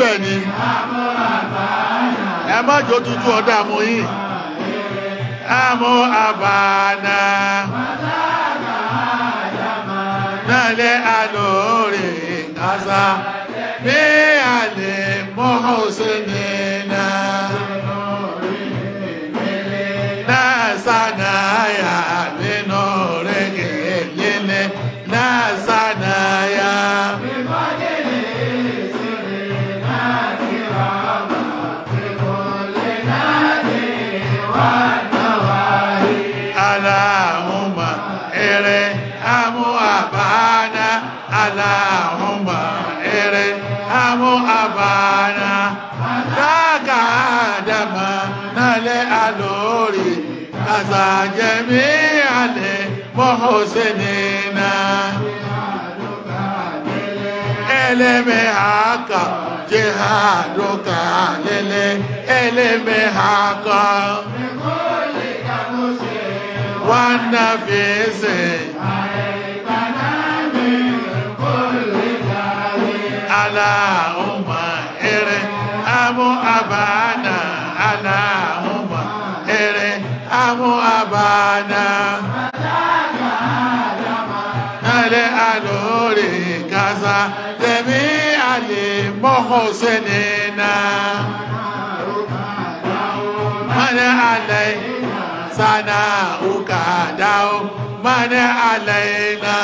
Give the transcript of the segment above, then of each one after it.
bẹ̀ ni ẹ má jó tutù ọ̀dà mú yín àmú àbànà nàlẹ́ àlórí àṣà bí àlè mọ́hùn sí ni. هذا جميعا لمحسنين إلمي حقا جهادك للي إلمي حقا والنفيس على أمائر أبو أبائر آدم أبانا لأنوري كذا جميع المحسنين من عليك سناؤك دوما علينا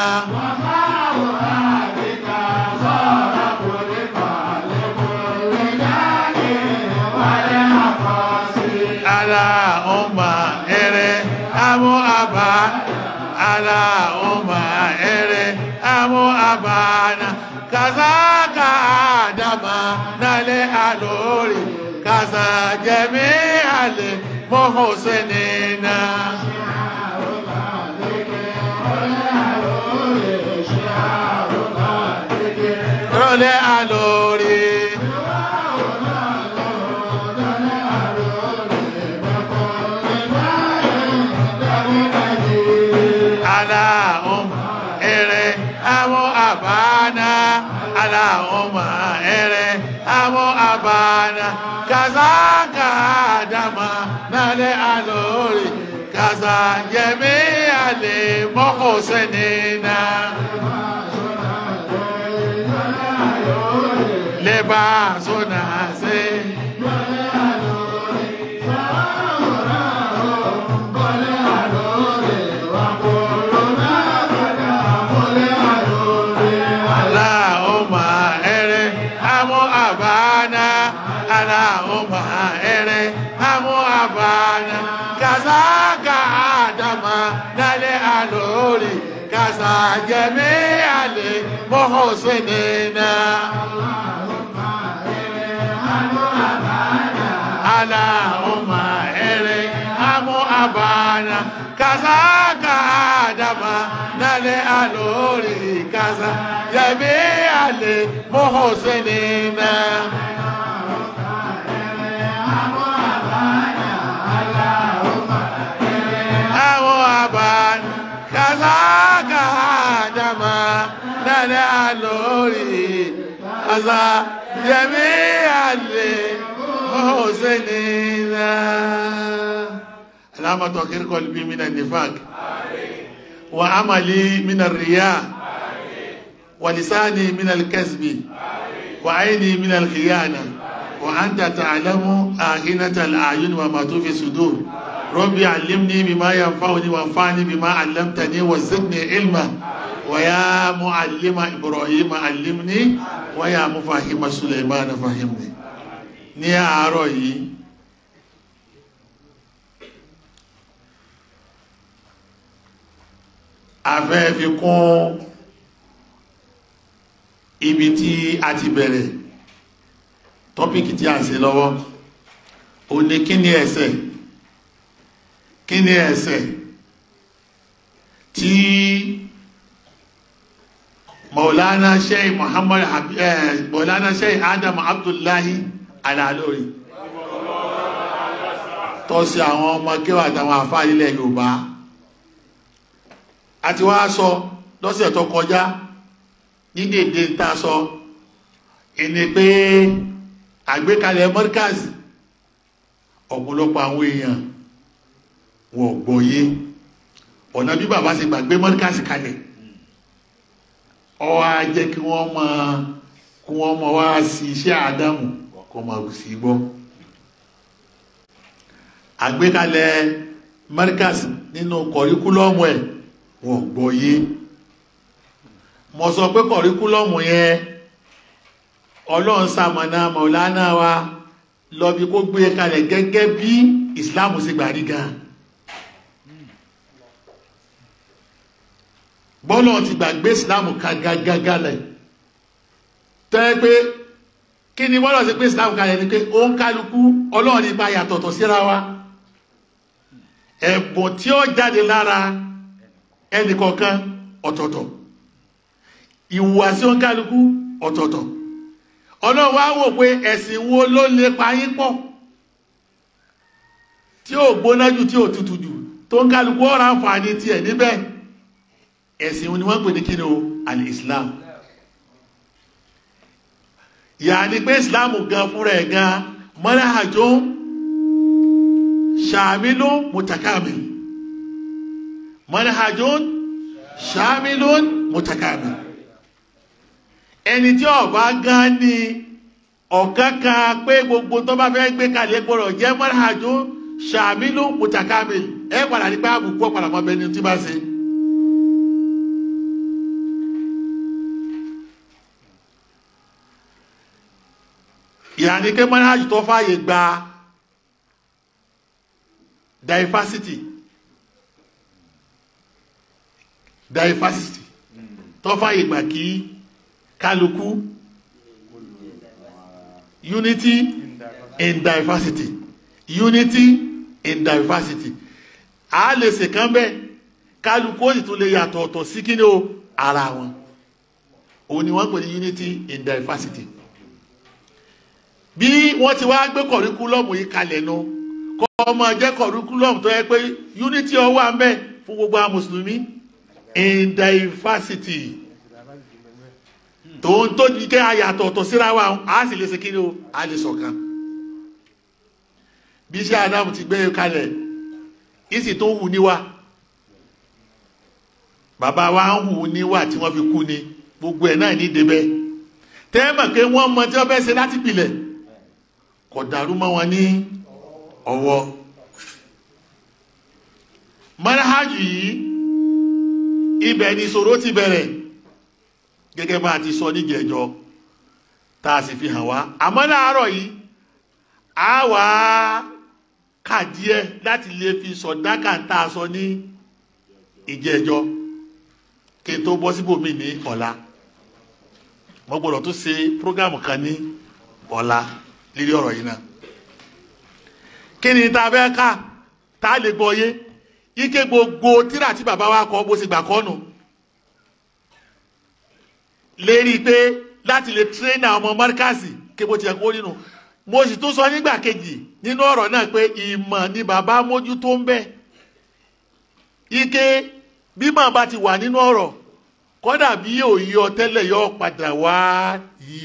aba ala oma ere amu abana kazaka adama nale alori kaza jemi ale mohosenina. Role alori. اللهم إلي أبو أبانا كذاك آدما نالي ألوري كذا جميع المحسنين لباسنا سيد جميع المحسنين اللهم ارحم ابانا كذاك ادم نال الوري كذا جميع المحسنين وسع جميع المحسنين اللهم طهر قلبي من النفاق وعملي من الرياء ولساني من الكذب وعيني من الخيانة وأنت تعلم آهنة الأعين وما تخفي الصدور ربي علمني بما ينفعني وانفعني بما علمتني وزدني علما ويا معلم إبراهيم علمني ويا مفهم سليمان فهمني ní àárọ̀ yìí a fẹ́ fi kún ibi tí a ti a ń ṣe lọ́wọ́ òní kí ni ẹ̀ṣẹ̀ tí maulana sheikh muhammad eh, maulana sheikh adam abdullahi alalori tọ́sí àwọn ọmọ kéwà àtàwọn àfáà nílẹ̀ yorùbá àti wá sọ lọ́sẹ̀ tó kọjá ní dèdè ta sọ ìní pé àgbékalẹ̀ mọ́ríkàsì ọ̀pọ̀lọpọ̀ àwọn èèyàn wọn ò gbọ́ yé ọ̀nà bí bàbá ṣe gbàgbé mọ́díkàsì kalẹ̀ ó wá jẹ́ kí wọ́n máa kí wọ́n máa wá sí iṣẹ́ àdámù kó máa sì gbọ́ àgbékalẹ̀ mọ́díkàsì nínú kọ̀ríkúlọ́ọ̀mù ẹ̀ wọn ò gbọ́ yé mo sọ pé kọ̀ríkúlọ́ọ̀mù yẹn ọlọ́run sàmọ̀nà mọ̀lánà wa lọ́bi kó gbé kalẹ̀ gẹ́gẹ́ bí ìsìláàmù ṣe gbàrí gan-an bọ́lọ̀ ti gbàgbé islam ka gágágá lẹ̀ tẹ́ pé kí ni bọ́lọ̀ ti gbé islam ka lẹ̀ ni pé ó ń kálukú ọlọ́run nípa yàtọ̀tọ̀ síra wa ẹ̀bùn tí ó jáde lára ẹnìkọ̀ọ̀kan ọ̀tọ̀ọ̀tọ̀ ìhùwàsí ó ń kálukú ọ̀tọ̀ọ̀tọ̀ ọlọ́run wá wò pé ẹ̀sìn wo ló lè pa yín pọ̀ tí ó gbóná jù tí ó tutù jù tó ń kálukú ọ̀rọ̀ àǹfààní tiẹ̀ níbẹ̀ ẹ̀sìn wọn ni wọ́n pè ní kí ni o al-islam yàní pé islam gan fúnra ẹ̀ gan mọ́láhàjò ṣàmìlò mutakamil mọ́láhàjò ṣàmìlò mutakamil ẹni tí ó bá gan ni ọ̀kan kan pé gbogbo tó bá fẹ́ gbé kalẹ̀ gbọ́dọ̀ jẹ́ mọ́láhàjò ṣàmìlò mutakamil ẹ padà ní àbùkù ọ̀pọ̀lọpọ̀ bẹni tí bá ṣe. ìhàní ké mọ́nájì tó fàyè gba diversity diversity tó fàyè gbà kí kálukú unity in diversity unity in diversity a lè ṣe kan bẹ́ẹ̀ kálukú ó sì tún lè yàtọ̀ ọ̀tọ̀ sí kí ni o ara wọn òun ni wọ́n pè ní unity in diversity bí wọ́n ti wá gbé kọ̀ríkúlọ́ọ̀mù yìí kalẹ̀ nu kọ́ ọmọ jẹ́ kọ̀ríkúlọ́ọ̀mù tó yẹ pé unity ọwọ́ à ń bẹ̀ fún gbogbo àwọn mùsùlùmí in diversity tòun tó di kẹ́ ayàtọ̀ ọ̀tọ̀ síra wa a sì lè ṣe kí ni o a lè ṣọ̀kan bí iṣẹ́ adamu ti gbé kalẹ̀ ìsì tó ń hù níwà bàbá wa ń hù níwà tí wọ́n fi kú ni gbogbo ẹ̀ náà ní débẹ̀ tẹ́ẹ̀mọ̀ pé wọ́n mọ tí wọ́n fẹ́ ṣe láti pilẹ̀ kò dàrú mọ́ wọn ní ọwọ́ mọ́náhájù yìí ibẹ̀ ni ìṣòro ti bẹ̀rẹ̀ gẹ́gẹ́ bá a ti sọ níjẹ̀jọ tá a sì fi hàn wá àmọ́ láàárọ̀ yìí a wà á kà díẹ̀ láti lè fi sọ̀dáka tá a sọ ní ìjẹ̀jọ kí n tó ní ọ̀la mo gbọ́dọ̀ tún ṣe prógámù kan ní ọ̀la lérí ọ̀rọ̀ yìí náà kí ni tá a fẹ́ ká tá a lè gbọ́ yé ike gbogbo tíra tí bàbá wa kọ bó ṣe gbà kọ́ nù lérí pé láti lè tírẹ́nà ọmọ mọ́ríkàsì kí bó ti yẹ kó nínú mo sì tún sọ nígbà kejì nínú ọ̀rọ̀ náà pé ìmọ̀ ni bàbá mójútó ń bẹ ike bí màá bá ti wà nínú ọ̀rọ̀ kọ́dà bí yóò yí ọ tẹ́lẹ̀ yóò padà wá yí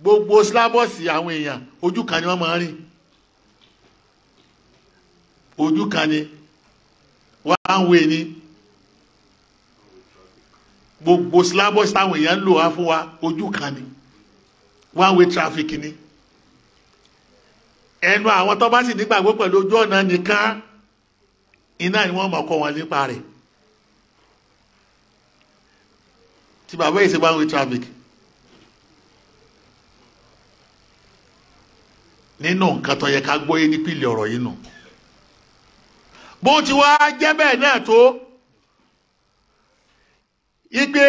gbogbo sílábọ̀sì àwọn èèyàn ojú kan ni wọ́n máa ń rìn ojú kan ni wọ́n á ń wé ni gbogbo sílábọ̀sì táwọn èèyàn lò wá fún wa ojú kan ni one way traffic ni ẹnu àwọn tó bá sì nígbàgbọ́ pẹ̀lú ojú ọ̀nà nìkan iná ni wọ́n mọ̀ kọ́ wọn nípa rẹ̀ tí bàbá yìí ṣe one way traffic nínú nǹkan tó yẹ ká gbọ́ yé nípìnlẹ̀ ọ̀rọ̀ yìí nù bó ti wá jẹ́ bẹ́ẹ̀ náà tó ipe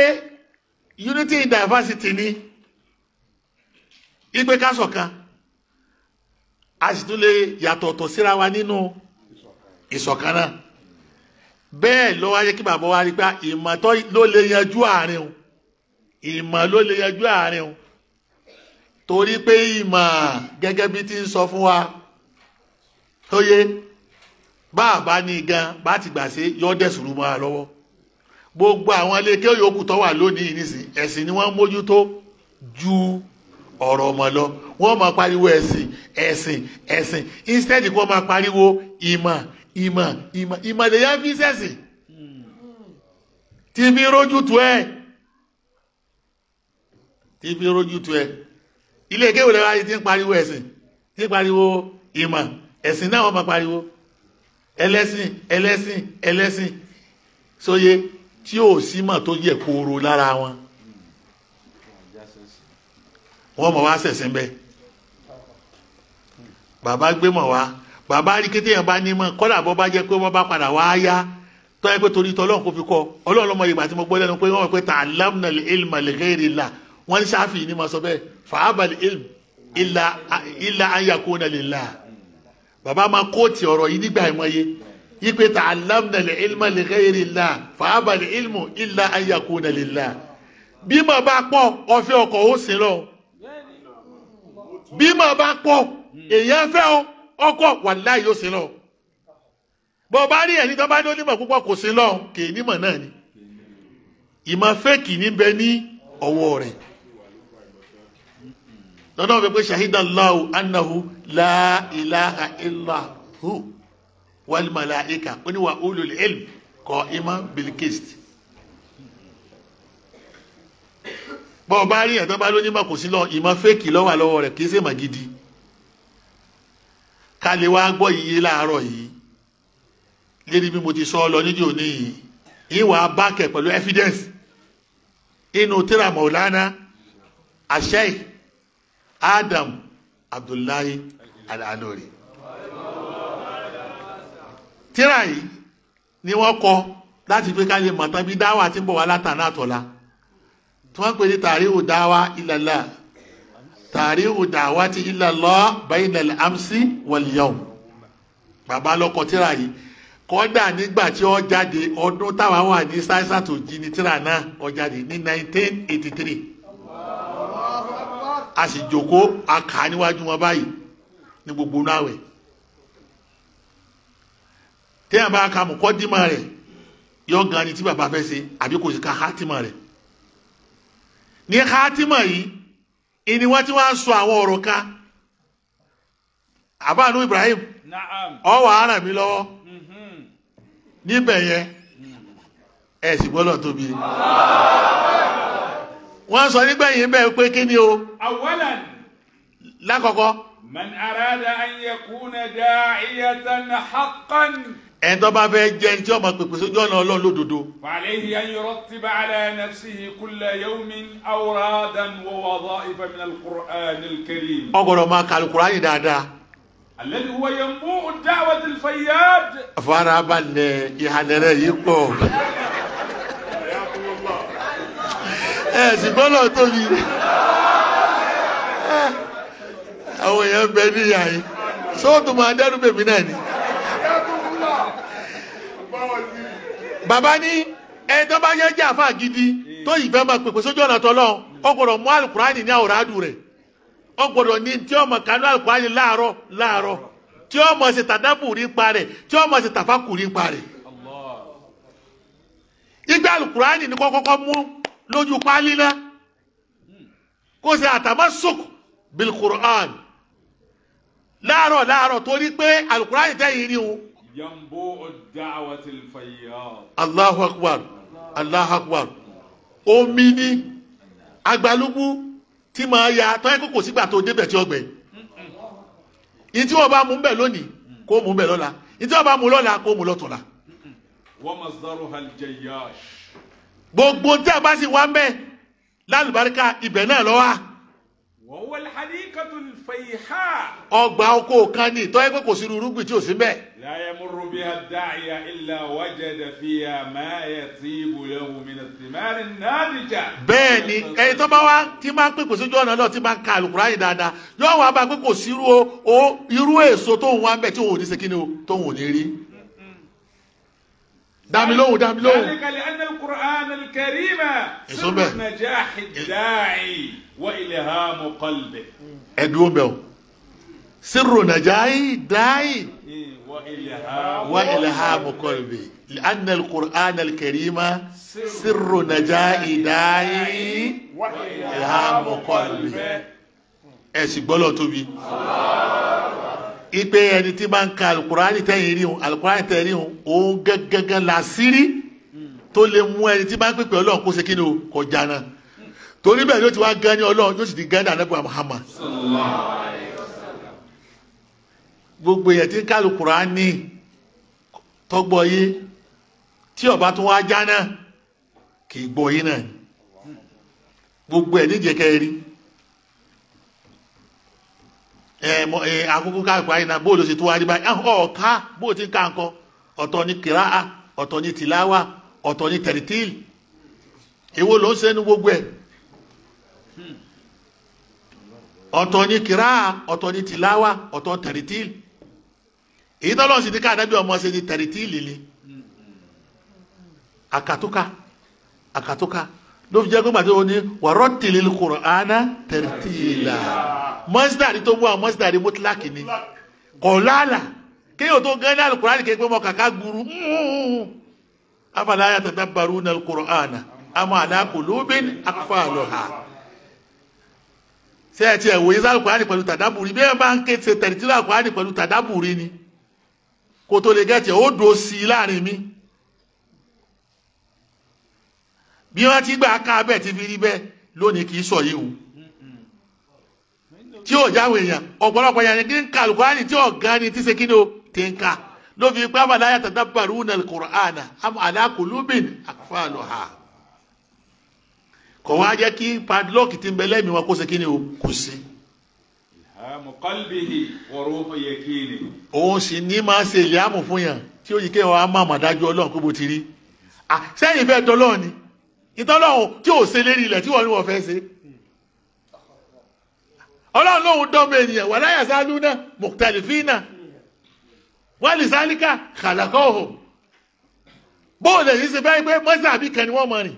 unity diversity ni ipe ká ṣọ̀kan a sì tún lè yàtọ̀tọ̀ síra wa nínú ìṣọ̀kan náà bẹ́ẹ̀ ló wá yẹ kí bàbá wa rí pé ìmọ̀ tó ló lè yanjú àárín o ìmọ̀ ló lè yanjú àárín o torí pé ìmọ̀ gẹ́gẹ́ bí ti ń sọ fún wa tó yé bá a bá ní gan bá ti gbà sí yọ dẹ̀sùn mọ́ a lọ́wọ́ gbogbo àwọn iléeké yòókù tó wà lónìí nísìn ẹ̀sìn ni wọ́n mójútó ju ọ̀rọ̀ ọmọ lọ wọ́n máa pariwo ẹ̀sìn ẹ̀sìn ẹ̀sìn instead kí wọ́n máa pariwo ìmọ̀ ìmọ̀ ìmọ̀ ìmọ̀ lèyà fi sẹ̀sìn tí fi rójú tu ẹ̀ tí fi rójú tu ẹ̀ ilé kéwò lẹ́wọ́ ayé ti ń pariwo ẹ̀sìn ti ń pariwo ìmọ̀ ẹ̀sìn náà wọ́n máa pariwo ẹlẹ́sìn ẹlẹ́sìn ẹlẹ́sìn sóye tí ò sí mọ̀ tó yẹ kóró lára wọn wọ́n mọ̀ wá sẹ̀sìn bẹ́ẹ̀ bàbá gbé mọ̀ wá bàbá rí kété yẹn bá ní mọ̀ kọ́dà bọ́ bá jẹ́ pé wọ́n bá padà wá yá tọ́ ẹ pé torí tọ́lọ́run kò fi kọ́ ọlọ́run lọ́mọ ìgbà tí mo gbọ́ lẹ́nu pé wọ́n mọ̀ pé ta'allamna al-ilma li ghayri wọ́n ní sáfì ní mo sọ bẹ́ẹ̀ fàábàlì ilà ayakuna lillah bàbá máa kóòtì ọ̀rọ̀ yìí nígbà ìmọ̀ye ipe ta alamna lè ilma lè gẹ́yìrì ilà fàábàlì ilmu ilà ayakuna lillah bí màá bá pọ̀ ọ̀fẹ́ ọkọ̀ ó sì lọ bí màá bá pọ̀ èèyàn fẹ́ o ọkọ̀ wàláhì ó sì lọ bọ́ rí ẹni tó bá ní onímọ̀ púpọ̀ kò sí lọ kì í nímọ̀ náà ni ìmọ̀ fẹ́ẹ̀kì níbẹ̀ ní ọwọ́ rẹ̀ lọ́dọ̀ wọ́n pé ṣahida Allahu annahu la ilaha illa hu wal malaika oníwà ulul ilm qa'iman bil qist bọ́ọ̀ bá rí ẹ̀tọ́ bá lóní mọ̀kò sí lọ ìmọ̀ fẹ́ẹ̀kì lọ́wọ́ lọ́wọ́ rẹ̀ kì í ṣe mọ̀ gidi ká lè wá gbọ́ iye láàárọ̀ yìí lédi bí mo ti sọ ọ nídìí òní yìí ìwà bákẹ̀ pẹ̀lú evidence inú tíra Maulana àṣẹ́yìí Adam Abdullahi Al-Alori tíra yìí ni wọ́n kọ láti pé ká lè mọ̀ tán bí dáwà tí ń bọ̀ wá látàná àtọ̀la tí wọ́n pè ní tàríhù dáwà ilallah tàríhù dáwà ti ilallah bainal amsi wal yawm bàbá lọ́kọ tíra yìí kọ́dà nígbà tí ó jáde ọdún táwa wà ní sáísàtò jí ní tíra náà ó jáde ní 1983 a sì jòkó aka kà á níwájú wọn báyìí ní gbogbo náà wẹ̀ téèyàn bá ka mọ̀kọ́ dìímọ̀ yọ gan ni tí bàbá fẹ́ ṣe àbí kò sì ka hátìmọ̀ rẹ̀ ní hátìmọ̀ yìí ìní wọ́n ti wá sọ àwọn ọ̀rọ̀ kan àbáànú Ibrahim ọ wà á ràn mí lọ́wọ́ mhm. níbẹ̀ yẹn ẹ̀ sì tóbi. wọ́n sọ nígbẹ̀yìn bẹ́ẹ̀ pé kí ni o. awalan. lákọ̀ọ́kọ́. man arada an yakuna da'iyatan haqqan. ẹni tó bá fẹ́ jẹ́ ẹni tí ó máa pèpè sójú ọ̀nà ọlọ́run lódodo. fàlẹ́yìn an yurattiba ala nafsihi kulla yawmin awradan wa wadha'ifa min al-Qur'an al-karim. ọgọ̀rọ̀ máa ka Al-Qur'ani dáadáa. alladhi huwa yanbu'u ad-da'wati al farabalẹ̀ ìhànẹ́rẹ́ yìí pọ̀. ẹ ṣùgbọ́n náà tóbi àwọn èèyàn bẹ níyà yìí sóòtù máa dẹ́rù bèbí náà ni. bàbá ní ẹni bá yẹ jẹ́ àfa gidi tó yìí fẹ́ máa pèpè sójú ọ̀nà tọ́lọ́ ọ gbọ́dọ̀ mú alukurani ní àwòrán adùn rẹ̀ ọ gbọ́dọ̀ ní tí alukurani láàárọ̀ láàárọ̀ tí tàdábù rí pa rẹ̀ tí rí pa rẹ̀. ni kọ́kọ́kọ́ mú lójú páálí náà kó ṣe àtàmásùk bil Qur'an láàárọ̀ láàárọ̀ torí pé alukur'an tẹ̀yìn rí o. yambo da'awati fayya. Allahu akbar Allahu akbar omi ni agbalúgbú tí màá ya tọ́yẹ́ kókò sígbà tó débẹ̀ tí ọgbẹ́ yìí tí wọ́n bá mú bẹ̀ lónìí kó mú bẹ̀ lọ́la yìí tí wọ́n bá mú lọ́la kó mú lọ́tọ̀la. wa mazdaruha al-jayyash gbogbo tí a bá sì wá mẹ́ lálùbáríkà ibẹ̀ náà ló wà. wọ́n wọ́n alhadikatu fayha. ọgbà oko kan ní ìtọ́ ẹgbẹ́ kò sí rúrúgbìn tí ò sí bẹ́ẹ̀. la yamurru biha ad-da'iya illa wajada fiha ma yatibu lahu min ath-thimari an-nadija. bẹ́ẹ̀ ni ẹni tó bá wá tí máa ń pè kò sí náà tí máa ń ka àlùkùránì dáadáa yóò wá bá pé kò irú èso tóun wá ń tí òun ò ní dami lóhùn dami lóhùn. alikali anal qur'an alkarima. èso bẹ́ẹ̀ sunu najahi daa'i wa ilhamu qalbi. ẹ dúró o sirru najahi daa'i wa ilhamu qalbi لأن القرآن الكريم سر نجاء داعي وإلهام قلبه ẹ sì gbọ́lọ̀ tóbi ipe ẹni tí bá ń ka alukurani tẹ̀yìn rí hun alukurani tẹ̀yìn rí hun òun gẹ́gẹ́gẹ́ làṣírí tó lè mú ẹni tí bá ń pèpè ọlọ́run kó ṣe kí ni o kò jana torí bẹ́ẹ̀ yóò ti wá gán ní ọlọ́run yóò sì ti gán ní anagbà Muhammad gbogbo èèyàn tí ń ka alukurani tọgbọ yé tí ọba tó wá jana kì í gbọ́ yé náà gbogbo ẹ̀ níjẹ̀kẹ́ rí àkókò káàkó ayé náà bóòlù sì tó wá rí báyìí ọ̀ọ́ká ah, oh, bóò ti ń ká nǹkan ọ̀tọ̀ ní kìláà ọ̀tọ̀ ní tìláwà ọ̀tọ̀ ní tẹ̀rìtìlì èwo ló ń sẹ́nu gbogbo ẹ̀ ọ̀tọ̀ ní kìláà ọ̀tọ̀ ní tìláwà ọ̀tọ̀ tẹ̀rìtìlì èyí tó lọ́sìn ní káàdábí ọmọ ṣe ní tẹ̀rìtìlì ni àkàtúkà àkàtúkà ló fi jẹ́ pé gbàtí o ní warattilil Qur'ana tartila mọ́sítàrí tó mú àwọn mọ́sítàrí mutlaki ni kọ̀ọ̀láàlà kéèyàn tó gán ní alukur'ani kéèyàn pé mọ kàkà gburu afala yatadabbaruna al-Qur'ana am ala qulubin aqfaluha ṣé ẹ ti ẹ̀wòye sí alukur'ani pẹ̀lú tàdábùrí bí ẹ bá ń ké ṣe tẹ̀rìtìlá alukur'ani pẹ̀lú tàdábùrí ni kó tó lè gẹ́tì ó dùn ó sí láàrin mi. bí wọ́n ti gbà ká bẹ́ẹ̀ ti fi rí bẹ́ẹ̀ lónìí kì í sọ yìí o tí yóò jáwé èèyàn ọ̀pọ̀lọpọ̀ yẹn kí n ka alukurani tí ọ̀gá ni ti ṣe kí ni o ti ń ka ló fi pé abàlá yàtọ̀ dábàrú ní alukurani alákòlóbìn àkọfàlù ha kò wá jẹ́ kí padlock ti ń bẹ lẹ́mìí wọn kó ṣe kí ni o kò sí. òun sì ní máa ṣe ìyàmù fún yàn tí ó yí kéwọn á má màdájú ọlọ́run kó bó ti rí sẹ́yìn fẹ́ tọ́lọ́ọ̀ ni ìtọ́lọ́hún tí ò ṣe lérí ilẹ̀ tí wọ́n ní wọ́n fẹ́ ṣe ọlọ́run lóhun dọ́mọ ènìyàn wà láyà sáájú náà mọ̀tàlífínà wọ́n lè sáríkà kàlàkọ́hùn bóòlù èyí ṣe fẹ́ pé mọ́sí àbí kan ni wọ́n mọ̀ rìn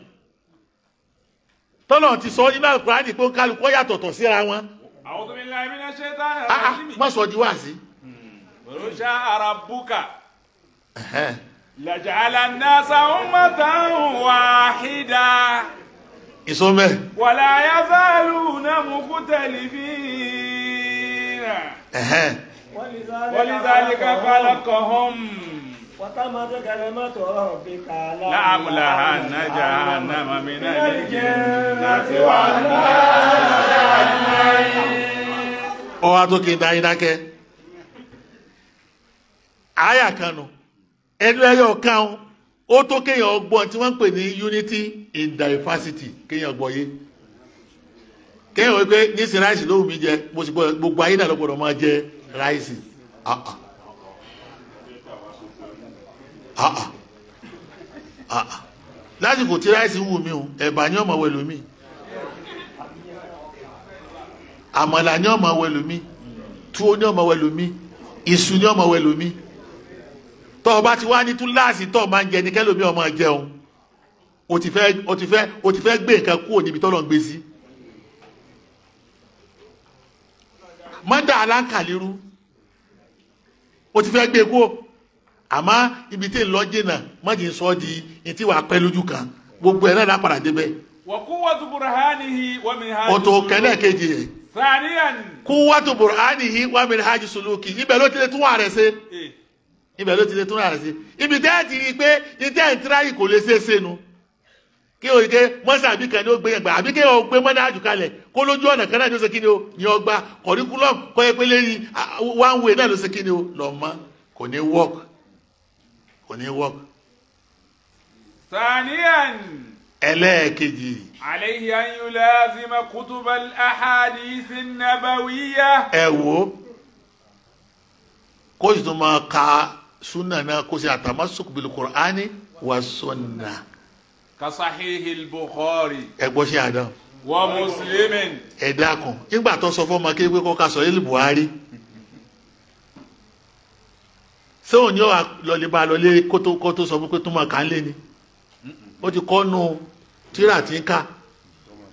tọ́lọ̀ ti sọ nínú àlùkùránì pé kálukọ́ yàtọ̀ tọ̀ síra wọn. àwọn tó ní ilé ẹ̀mí náà ṣe tá a. má sọ di wá rọ́ṣà hmm. arabuka lajala nasa ummatan wahida. ìsọmẹ. wàlá yazalu na mukhtalifina. walizalika khalaqahum. وتمت كلمة ربك لأملأن جهنم من الجنة والناس أجمعين ọwọ́ àtòkè ìdáyìí dákẹ́ àyà kanu ẹnu ẹyọ kan ó tó kéèyàn ọgbọ́n tí wọ́n ń pè ní unity in diversity kéèyàn ọgbọ́n yé kéèyàn wọ́n pé nísìnyí ráìsì ló wù mí jẹ mo sì gbọ́dọ̀ gbogbo ayé náà ló gbọ́dọ̀ máa jẹ ráìsì ah, ah. ah, lásìkò tí ráìsì wù mí o ẹ̀bà ni ọmọ wẹ̀lú mi àmàlà ni ọmọ wẹ̀lú mi túwó ni ọmọ wẹ̀lú mi iṣu ni ọmọ wẹ̀lú mi tọ́ ọba ti wá ní túláàsì tọ́ máa ń jẹ ní kẹ́lòmí ọmọ jẹun o ti fẹ́ o ti fẹ́ o ti fẹ́ gbé nǹkan kúrò níbi tọ́lọ̀ ń gbé sí. mọ́dà aláǹkàlérú o ti fẹ́ gbé kúrò àmọ́ ibi tí ń lọ jìnnà mọ́jì ń sọ di ní tí wàá pẹ́ lójú kan gbogbo ẹ̀ náà lápàdà débẹ̀. wàkúwàtú burhanihi wàmíhá. o tó kẹlẹ́ kejì yẹn. sàníyàn. kúwàtú burhanihi wàmíhá jùsùlùkì ibẹ̀ ló ti tún wà rẹ̀ ṣe. Eh ibẹ̀ ló ti ṣe túnra rẹ̀ sí ibi tẹ́ ẹ ti rí i pé ìtẹ́ ìtìráyì kò lè ṣeéṣe nu kí o ike mọ́sàbí kan ní o gbé ẹgbàá àbí kí o gbé mọ́nájú kalẹ̀ kó lójú ọ̀nà kan náà ní ṣe kí ni o ní ọgbà curriculum kọ́ ẹ pé lẹ́yìn one way náà ló ṣe kí ni o lọ mọ́ kò ní work kò ní work. saniyan. ẹlẹ́ẹ̀kejì. àlẹ́yìn ayúlá zima kutubal ahadith nabawiya. ẹ wo kóòtù tó máa ka sunna na ko sai atamassuk bil qur'ani wa suna ka sahihil bukhari ẹ eh, gbọ́ wa muslimin. ẹ dákun sọ fún ọmọ kéwé kó ka buhari sóun ni ó lọlẹ́bà lọlé kó tó sọ fún pé tó máa kà ni o ti kọ́ nu tíra tí ń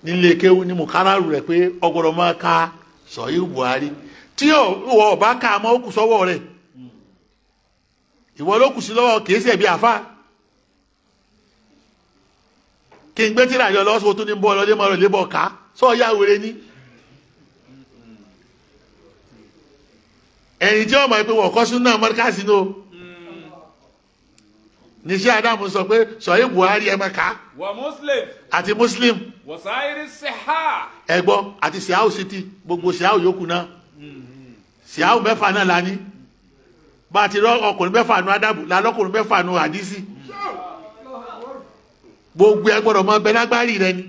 ni. nílé kéwú ni mùkáràrù re pe ogoro máa ka sọ buhari tí ìwọ ọba ká mọ́ ó kù sọ́wọ́ ìwọ ló kù sí lọ́wọ́ kìí ṣe bí àfa kí n gbé tíra yọ lọ́sọ̀ tó ní bọ́ ọlọ́dé máa lọ́dé bọ̀ ká sọ ya wèrè ni. ẹ̀yìn tí wọ́n mọ̀ pé wọ́n kọ́ sún náà mọ́ríkàsì ní o níṣẹ́ adamu sọ pé sọ̀yìn buhari ẹ̀ máa ká àti muslim ẹ̀gbọ́n àti siahu city gbogbo siahu yòókù náà siahu mẹ́fà náà la ní bá a ti rọ ọkùnrin mẹ́fà nu adabu lálọ́kùnrin mẹ́fà nu àdísì gbogbo ẹ gbọ́dọ̀ mọ bẹ lágbárí rẹ ni.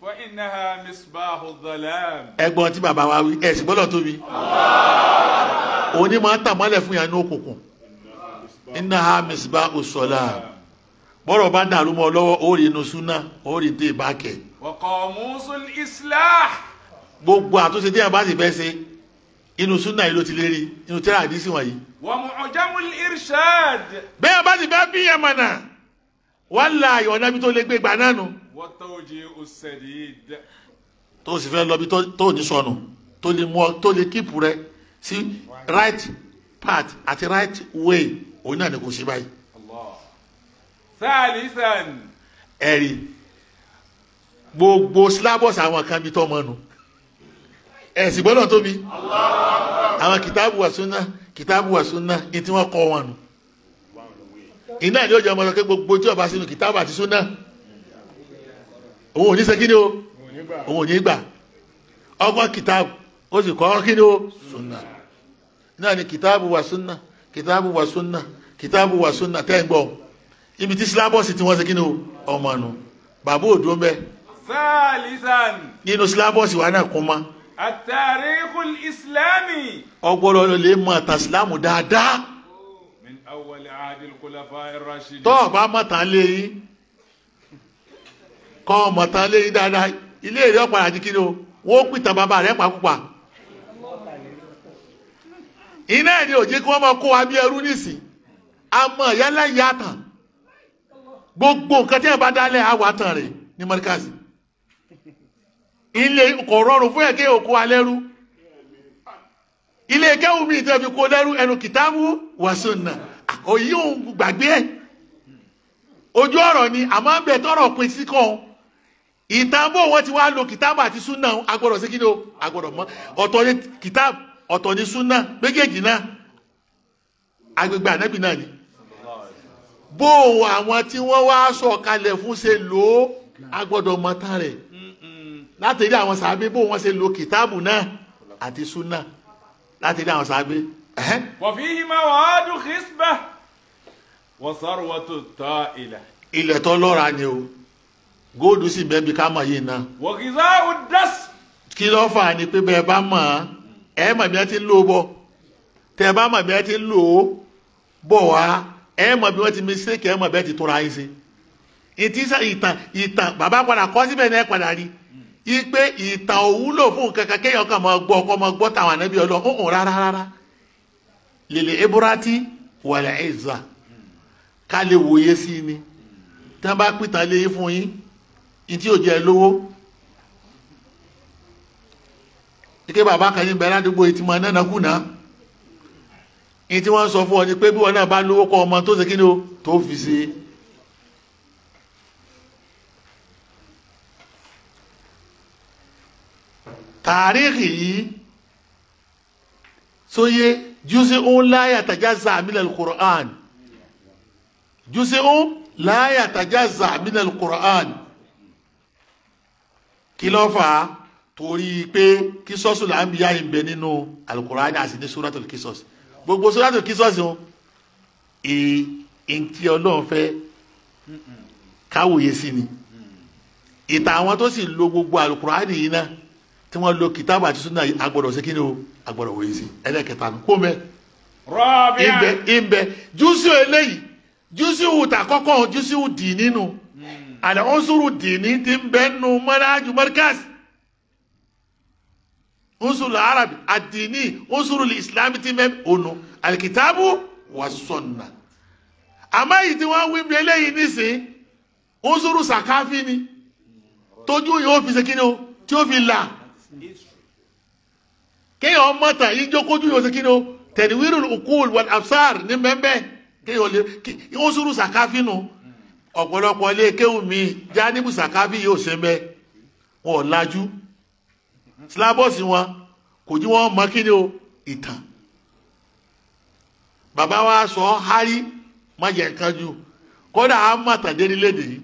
fa innaha misbahu dhalam. ẹ̀gbọ́n tí bàbá wa wí ẹsìn gbọ́dọ̀ tóbi. òní máa ń tàmọ́lẹ̀ fún yàn ní òkùnkùn. innaha misbahu salam. bọ́rọ̀ bá dàrú mọ́ lọ́wọ́ ó rí inú súná ó rí dé ìbákẹ́. wa qamusul islah. gbogbo àtúnṣe díẹ̀ bá ti fẹ́ ṣe inú súnà yìí ló ti lérí inú tẹ́lá àdísì wọ̀nyí. wa mu'jamul irshad. bẹ́ẹ̀ bá ti bẹ́ẹ̀ bí yẹn mọ̀nà wallahi ọ̀nà bí tó lè gbé gbà náà nù. wa tawjihu sadid. tó sì fẹ́ lọ bí tó ní sọnù tó lè mú ọ tó lè kíìpù rẹ sí right path àti right way òun náà ni kò sí báyìí. thalithan. ẹ̀rí gbogbo syllabus àwọn kan bí tọ́ mọ́nu ẹ̀sìn gbọ́dọ̀ tóbi àwọn kìtàbù wàsúnà kìtàbù wàsúnà ní tí wọ́n kọ́ wọn nù iná ni ó jẹ́ ọmọdé gbogbo tí ọba sínú kìtàbù àti òun ò ní ṣe ni o òun ò ní gbà ọgbọ́n kìtàbù ó sì kọ́ kí ni o súnà náà ni kìtàbù wàsúnà kìtàbù wàsúnà kìtàbù wàsúnà tẹ́ ń gbọ́ ibi tí sílábọ̀sì tí wọ́n ṣe ni o ọmọ nù bàbá òdùnbẹ. sáà lisan. nínú sílábọ̀sì wa náà kún mọ́ àtàríkù ìsìlámì. ọgbọ́dọ̀ lè mọ ta ìsìlámù dáadáa. min awwal adil khulafa rashidin. tọ́ ọba mọ̀tà lé yín kọ́ mọ̀tà lé yín dáadáa ilé ìrẹ́ ọ̀pá àdìkí ni o wọ́n pìtàn bàbá rẹ̀ pàkúpà. iná ẹ̀ ni ò jẹ́ kí wọ́n máa kó wa bí ẹrú nísìn àmọ́ yálà yàtàn gbogbo nǹkan tí ẹ̀ bá dálẹ̀ àwọ̀ àtàn rẹ̀ ní mọ́ríkàsì ilé kò rọrùn fún ẹ̀kẹ́ òkú alẹ́rú ilé kẹ́wù mi ìtọ́ fi kó lẹ́rú ẹnu kìtàbù wa sunna òyìn òun gbàgbé ẹ̀ ojú ọ̀rọ̀ ni àmọ́ ń bẹ̀ tọrọ pin sí kan ìtàn bó wọn ti wá lo kìtàbù àti súnà agbọ́dọ̀ sí kíni o agbọ́dọ̀ mọ́ ọ̀tọ̀ ni kìtàbù ọ̀tọ̀ ni súnà méjèèjì náà agbègbè ànábì náà ni bó àwọn tí wọ́n wá sọ̀kalẹ̀ fún ṣe lò ó agbọ́dọ̀ mọ́ta rẹ̀ láti rí àwọn sàábé bó wọn ṣe lo kìtáàbù náà àti súnà láti rí àwọn sàábé. wọ̀fí ìmọ̀ wàhádùn kìsbẹ̀ wọ́n sọ̀rọ̀ wọ́n tó tọ́ ilẹ̀. ilẹ̀ tó lọ́ra ni o góòdù sì bẹ́ẹ̀ bí ká mọ̀ yìí náà. wọ̀kìzá ò dẹ́sì. kí ló fà á ni pé bẹ́ẹ̀ bá mọ̀ ọ́ ẹ mọ̀ bí wọ́n ti lò ó bọ̀ tẹ́ bá mọ̀ bí wọ́n ti lò ó bọ̀ wá ẹ mọ̀ bí wọ́n ti mistake ẹ mọ̀ bí ti tóra yín sí. ìtàn ìtàn bàbá padà kọ́ síbẹ̀ ní padà rí i ipe ìtàn òwúlò fún kankan kéèyàn kan máa gbọ́ ọkọ máa gbọ́ tàwọn ànábì ọlọ́run ọ̀hún rárá rárá lèlè eburati wàlẹ̀ ẹ̀zà ká lè wòye sí ni tí wọ́n bá pìtàn lé fún yín ìtí ò jẹ́ lówó ike bàbá kan yín bẹ̀rẹ̀ àdúgbò ìtìmọ̀ nánà kùnà ìtí wọ́n sọ fún ọ ni pé bí wọn náà bá lówó kọ́ ọmọ tó ṣe kí ni o tó fi ṣe é. tàríkì yìí sóyè jùsí ó láyà tàjá zàmínà alukur'an jùsí ó láyà tàjá zàmínà alukur'an kí ló fà á torí pé kísọ́sù là ń bí yáyìn bẹ nínú alukur'an àti ní suratul kísọ́s gbogbo suratul kísọ́s o èyí ntí ọlọ́run fẹ́ káwòye sí ni ìtàn àwọn tó sì lo gbogbo alukur'an yìí náà tí wọ́n lo kitabu àti sunna yìí agbọ́dọ̀ ṣe kí ni o agbọ́dọ̀ wòye sí ẹlẹ́kẹta nù kó mẹ́. rọ́ọ̀bì à ìbẹ̀ ìbẹ̀ júùsù eléyìí júùsù wùtà kọ́kọ́ júùsù dì nínú hmm. àlẹ́ ọ̀nsùrù dì ní ti ń bẹ́ nù mọ́nájú mọ́ríkàsì ọ̀nsùrù arabi àdìní ọ̀nsùrù islam ti mẹ́ ònù alikitaabu wà sunna àmọ́ èyí tí wọ́n wí bí eléyìí nísìnyí ọ̀nsùrù sàkáfí ni tójú yóò fi ṣe kí ni o tí ó fi là kéèyàn ọmọ tàn yìí jókòó ju yóò ṣe kí ni o tẹ̀díwírù ukul wal absar ní bẹ́ẹ̀ kéèyàn lè kí ó sùúrù sàkáfì nù ọ̀pọ̀lọpọ̀ ilé kéwù mi jánibù sàkáfì yóò ṣe bẹ́ẹ̀ wọn ò lajú sílábọ̀sì wọn kò jí wọn mọ kí ni o ìtàn bàbá wa sọ hárí májẹ̀ nǹkan jù kódà á mọ̀ tàdé nílé èdè yìí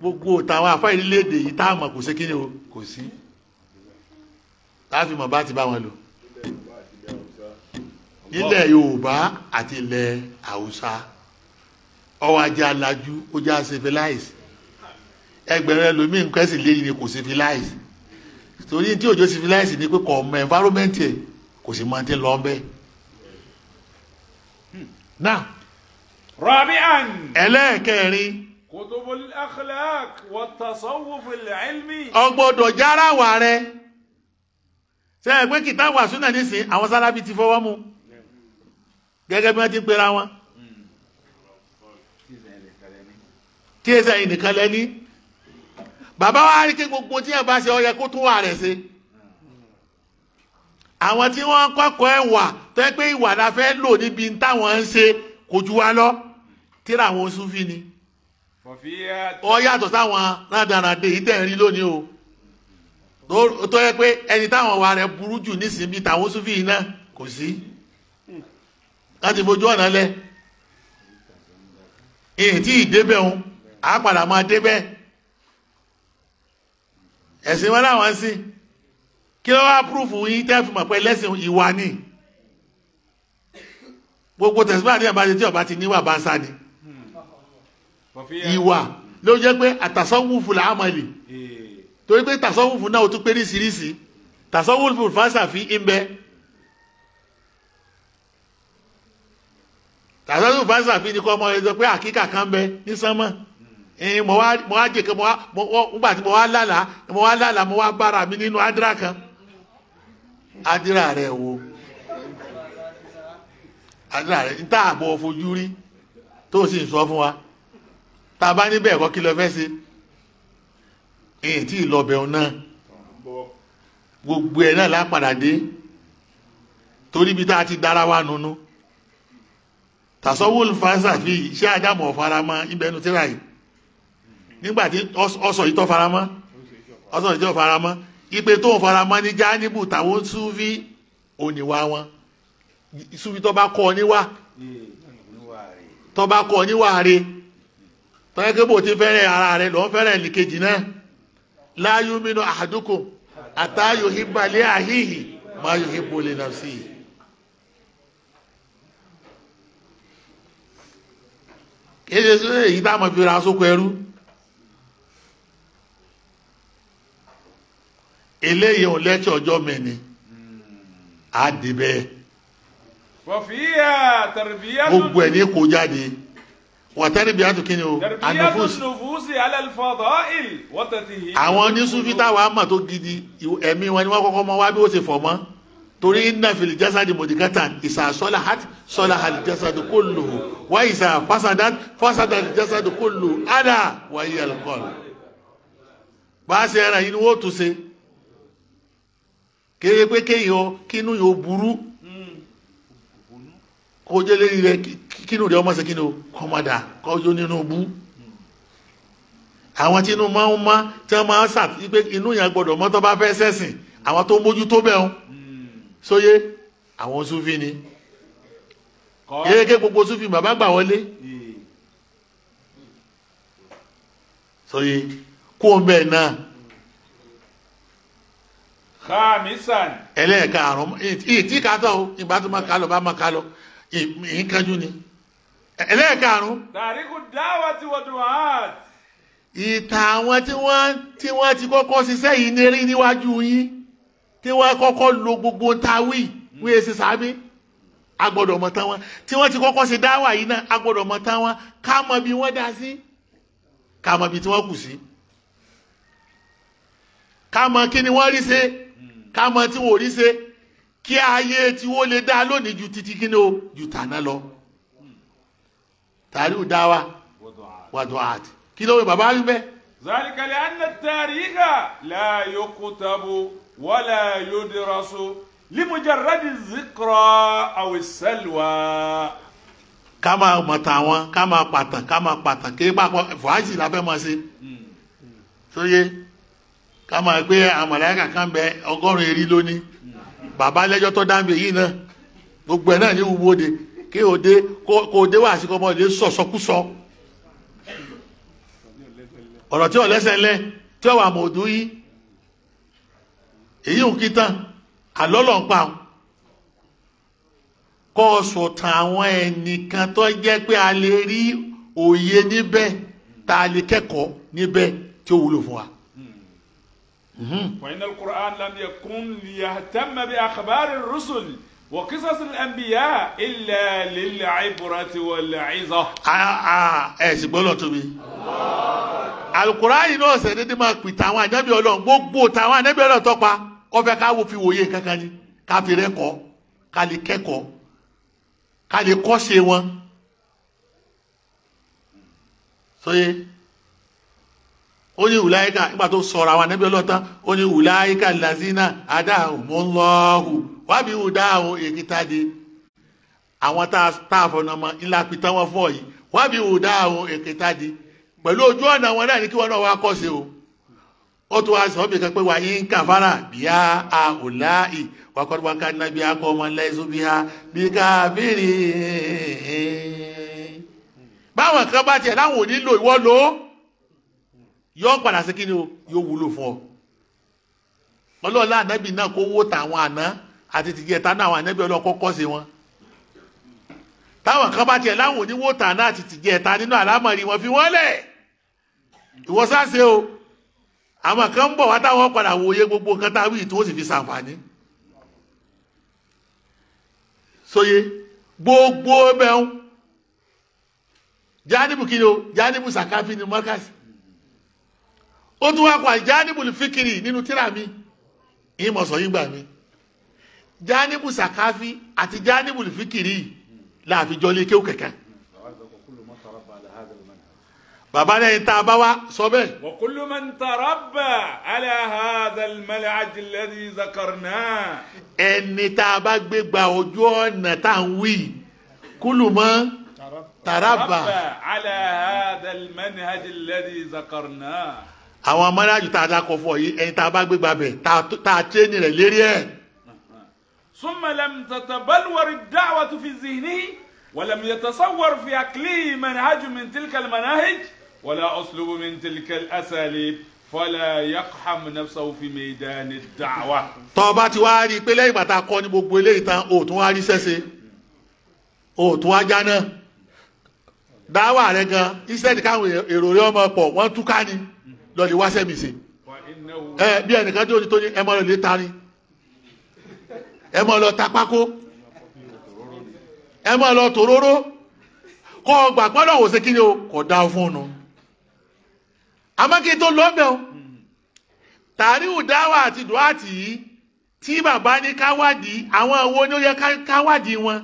gbogbo tàwọn àfáà nílé yìí tá a mọ̀ kò sí kí ni o kò sí láti mọ̀ bá ti bá wọn lò nílẹ̀ Yorùbá àti ilẹ̀ Haúsá ọwọ́ ajé alájú ó já civilize ẹgbẹ̀rún ẹlòmíín kẹ́sì léyìn ni kò civilize torí tí òjò civilize ni pé kò mọ environment ẹ̀ kò sì mọ ti bẹ́ẹ̀. náà. rabi'an. ẹlẹ́ẹ̀kẹrin. kutubul akhlaq wa tasawuf al-ilmi. ó gbọ́dọ̀ jára wà rẹ ṣe é pé kìtàbù wa súnà nísìnyí àwọn sálábì ti fọwọ́ mu gẹ́gẹ́ bí wọ́n ti pera wọn. tí èsì ẹ̀yìn nìkan lẹ́ni bàbá wa rí kí gbogbo tí ẹ̀ bá ṣe ó yẹ kó tún wà rẹ̀ ṣe àwọn tí wọ́n kọ́kọ́ ẹ̀ wà tó yẹ pé ìwà la fẹ́ lò níbi táwọn ń ṣe kò ju wa lọ tíra àwọn Sufi ni ó yàtọ̀ sáwọn rádaràdé yìí tẹ̀ ń rí lónìí o tó yẹ pé ẹni táwọn wa rẹ̀ burú jù nísìnyí tàwọn sufi iná kò sí láti fojú ọ̀nà lẹ èyí tí ìdébẹ̀ ń á padà máa débẹ̀ ẹ̀sìn wọn làwọn ń sìn kí ló wá púrúfù yín tẹ́ fi mọ̀ pé lẹ́sìn ìwà ni gbogbo tẹ̀síwájú àti ìbáṣe tí ọba ti níwà bá ń sá ni hmm. ìwà ló jẹ́ pé àtàsánwó fúlà àmọ́lì. Eh torí pé tasawufu náà ó tún pé ríṣiríṣi tasawufu fásáfì ń bẹ tasawufu fásáfì ni kọ́ ọmọ rẹ sọ pé àkíkà kan bẹ ní sánmọ́ mo wá mo wá jèkè mo wá mo nígbà tí mo wá lálàá mo wá lálàá mo wá bára mi nínú àdúrà kan àdúrà rẹ wo àdúrà rẹ níta àbọ̀ fojú rí tó sì ń sọ fún wa tá a bá níbẹ̀ ẹ̀kọ́ kí lọ fẹ́ ṣe èyí tí ìlọbẹ̀ ọ̀nà gbogbo ẹ̀ náà lápadà dé torí ibi tá a ti dára wa nunu tàsọ́wọ́ olùfàṣàfi iṣẹ́ ajámọ̀ faramọ́ ibẹ̀ nu tíra yìí nígbà tí ọsọ yìí tó faramọ́ ọsọ yìí tó faramọ́ ipe tó faramọ́ ní jánibù táwọn súfí òníwá wọn súfí tó bá kọ́ níwá tó bá kọ́ níwá rẹ̀ tọ́yẹ́kẹ́ bò ti fẹ́rẹ̀ ara rẹ̀ lọ́n fẹ́rẹ̀ nìkejì náà la yuminu ahadukum ata yuhibba li ahihi ma yuhibbu li nafsihi. kéde sí èyí tá a mọ̀ fi ra sóko ẹrú eléyìí ò lẹ́tí ọjọ́ mẹ́ni á dé bẹ́ẹ̀. wọ́n fi yà tẹ̀rẹ̀bíyà tó. gbogbo ẹ̀ ní kó jáde wọ̀tẹ́rì bí àtúkí ni o anufus àwọn onísúfí táwọn àmà tó gidi ẹ̀mí wọn ni wọ́n kọ́kọ́ mọ wá bí ó ṣe fọ̀ mọ́ torí iná fìlì jásádì mọ̀dìkátà ìsà sọ́lá hat sọ́lá hàlì jásádì kò lò wá ìsà fásádà fásádà hàlì jásádì kò lò ádà wáyé alukọ́lù bá a ṣe ara yìí ni wọ́n tún ṣe kéye pé kéèyàn kínú yóò burú hmm. kó jẹ́ lé rẹ̀ kí kínú rẹ̀ ọmọ sí kínú kọmọdà kọjú nínú bú àwọn tí inú máa ń má tí wọ́n máa ń sà pé inú yẹn gbọ́dọ̀ mọ́ tó bá fẹ́ sẹ́sìn àwọn tó mójú tó bẹ̀ ń sóyé àwọn sufi ni kéèké gbogbo sufi bàbá gbà wọlé sóyé kó o bẹ̀ náà. khamisan. ẹlẹ́ẹ̀ka àrùn ìtì ìkàtọ̀ ìbátan máa kálọ̀ bá máa kálọ̀ ìkanjú ni ẹlẹ́ẹ̀karùn. tàríkù dáwà tí wọ́n dùn áàt. ìtàn àwọn tí wọ́n tí wọ́n ti kọ́kọ́ ṣiṣẹ́ yìí ní rí níwájú yín tí wọ́n kọ́kọ́ lo gbogbo tawí wíyẹ ṣe sábẹ́ agbọ́dọ̀ mọ̀ tán wọn tí wọ́n ti kọ́kọ́ ṣe dáwà yìí náà agbọ́dọ̀ mọ̀ tán wọn ká mọ̀ bí wọ́n dá sí ká mọ̀ bí tí wọ́n kù sí ká mọ̀ kí ni wọ́n rí ṣe ká mọ̀ tí wọ́n rí ṣe kí ayé tí wọ́n lè dá lónìí ju títí kí ni o ju tàná lọ tàríù dáwà wàdùwàt kí ló wẹ bàbá rí bẹ́ẹ̀. zalika li anna tàríkà la yukutabu wala yudrasu limujarradi zikra aw salwa. ká máa mọ̀tà wọn ká máa pàtàn ká máa pàtàn kí pápá la fẹ́ máa ṣe. sóye ká máa pé àmàlẹ́kà kan bẹ ọgọ́rùn-ún erí lónìí bàbá lẹ́jọ́ tó dáńbẹ̀ gbogbo ẹ̀ náà ní wúwo de kí òde kó òde wá sí kọ́mọ́ òde sọ̀sọ́kúsọ ọ̀rọ̀ tí ọ̀lẹ́sẹ̀ lẹ tí ọ̀wà mọ̀ọ́dún yìí èyí ò kí tán àlọ́lọ́ ń pa àwọn kọ́ sọ̀tàn àwọn ẹnìkan tó jẹ́ pé a lè rí òye níbẹ̀ tá a lè kẹ́kọ̀ọ́ níbẹ̀ tí ó wúlò fún wa. وإن القرآن لم يكن ليهتم بأخبار الرسل wa qisasul anbiya illa lil ibrati wal izah. ẹ sì gbọ́dọ̀ tóbi. alukura yìí náà ṣe dédé máa pè táwọn ànábì Ọlọ́run gbogbo táwọn ànábì Ọlọ́run tọ́pa ọfẹ káwọ fi wòye kankan ni káfi rẹ́kọ̀ọ́ ká lè kẹ́kọ̀ọ́ ká lè kọ́ṣe wọn. sọye ó ní wùláyíkà nígbà tó sọ̀rọ̀ àwọn ànábì Ọlọ́run tán ó ní wùláyíkà lazina adahumullahu. wábí ìhùdá àwọn èkìtàdé àwọn tá a fọ̀nà mọ́ ńlá wọn fọ́ yìí wábí ìhùdá àwọn èkìtàdé pẹ̀lú ojú ọ̀nà wọn náà ní kí wọn náà wá kọ́ sí o ó tún wá sọ bìkan pé wàyí ń kàfàrà a ò láì wàkọ́dúwà ká nàbí akọ ọmọ lẹ́sùn bíá bí káfíìrì báwọn kan bá tiẹ̀ láwọn ò nílò ìwọ́ lò ó ọ ọlọ́ọ̀lá ànábì náà kó wó tàwọn àná àti tìjẹ tánú àwọn ànábì ọlọ́kọ́ kọ́ sí wọn táwọn kan bá tiẹ̀ láwọn oníwó tàná àti tìjẹ ta nínú àlámọ̀rí wọn fi wọ́n lẹ̀ ìwọ sáṣe o àwọn kan ń bọ̀ wá táwọn padà wòye gbogbo nǹkan tá a wí tí wọ́n sì fi ṣàǹfààní sóye gbogbo bẹ́ẹ̀ ń janibu kini o janibu sakafi ni markaz ó tún wá kọ àjanibu fikiri nínú tíra mi ìmọ̀sán yín gbà mí janibu sakafi àti janibu fikiri láàfin jọlé kéwù kankan. bàbá náà yìí tá a bá wa sọ bẹ́ẹ̀. wa kullu man tarabba ala hadha al-manhaj alladhi ẹni tá a bá gbé gba ojú ọ̀nà tá à ń wí kullu man tarabba ala hadha al-manhaj alladhi àwọn manhaj tá a dákọ̀ fọ yìí ẹni tá a bá gbé gba bẹ̀ tá a tẹ́ ẹni rẹ̀ lérí ẹ̀. ثم لم تتبلور الدعوة في ذهنه ولم يتصور في عقله منهج من تلك المناهج ولا أسلوب من تلك الأساليب فلا يقحم نفسه في ميدان الدعوة tó bá ti wá rí i pé lẹ́yìn bàtà kọ́ ni gbogbo eléyìí tán ó tún wá rí sẹ́sẹ́ ó tún wá jáná dáwà rẹ gan iṣẹ́ ní káwọn èrò rẹ ọmọ pọ̀ wọ́n túká ni lọ́ọ́ lè wá sẹ́mi ṣe ẹ bí ẹnìkan tó ní tó ní ẹ mọ́ lè ta ni ẹ mọ lọ ta pákó ẹ mọ lọ tòróró kọ ọgbà gbọ́dọ̀ wò sí kí ni o kò dá fóònù àmọ́ kí n tó lọ bẹ o tàríwù dáwà àti dùhàtì yìí tí bàbá ní káwádìí àwọn owó ni ó yẹ káwádìí wọn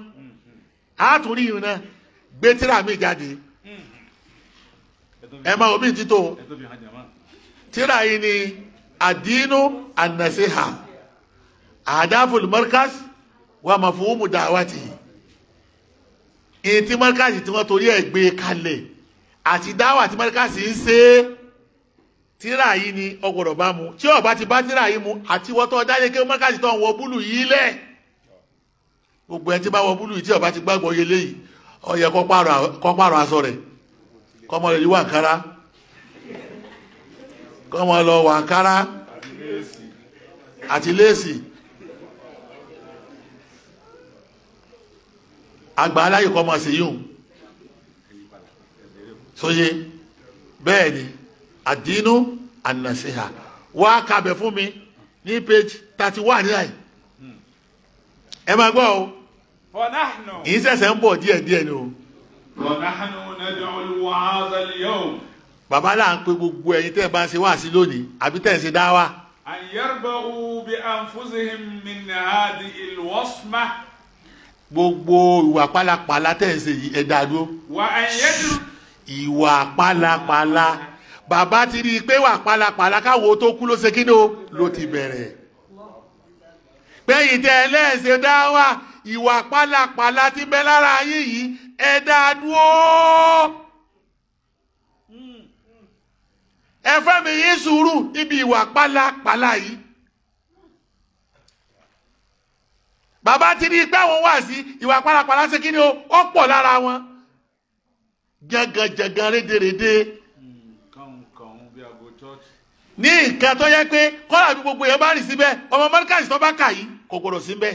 àtúrí yìí náà gbé tíra mi jáde ẹ máa omi títò tíra yìí ni àdínú ànàṣehà àdáfòlù markaz wà mafhumu da'watihi èyí tí markaz tí wọ́n torí ẹ̀ gbé kalẹ̀ àti dáwà tí markaz ń ṣe tíra yìí ni ọgbọ̀dọ̀ bá mu tí ọba ti bá tíra yìí mu àti wọ́tọ́ dáyé kí markaz tó ń wọ búlù yìí lẹ̀ gbogbo ẹni tí bá wọ búlù yìí tí ọba ti gbàgbọ́ yẹlé yìí ó yẹ aṣọ rẹ̀ kọ́mọ rẹ̀ wà kára kọ́mọ lọ wà kára àti léèsì. àgbà aláyè kọ́ máa ṣe yíò sóye bẹ́ẹ̀ ni àdínú ànàṣeha wá kábẹ̀ fún mi ní page thirty one ní àyè ẹ máa gbọ́ o yìí ṣẹ̀ṣẹ̀ ń bọ̀ díẹ̀ díẹ̀ ni o. bàbá náà ń pe gbogbo ẹ̀yin tẹ́ ẹ bá ń ṣe wáàsí lónìí àbí tẹ́ ẹ ń ṣe dáwà. àyẹ̀rọ̀ bá wù bí àǹfùsìn mi ní àdìyẹ lọ́sùmá gbogbo ìwà pálapàla tẹ̀sẹ̀ yìí ẹ̀ dá dúró. wà á yẹ dúró. ìwà pálapàla bàbá ti rí i pé wà pálapàla káwo tó kú ló ṣe kí ni o ló ti bẹ̀rẹ̀. pẹ́yìn tẹ ẹlẹ́sẹ̀ dá wà ìwà pálapàla ti bẹ lára ayé yìí ẹ̀ dá dúró. ẹ fẹ́ mi yé sùúrù níbi ìwà pálapàla yìí. bàbá ti rí i pé sí ìwà pálapàla ṣe kí ni o ó pọ̀ lára wọn jẹgànjẹgàn rédèrèdè. ní nǹkan tó yẹ pé kọ́lá bí gbogbo èèyàn bá rìn síbẹ̀ ọmọ mọ́ríkàsì tó bá kà yìí kò gbọdọ̀ síbẹ̀.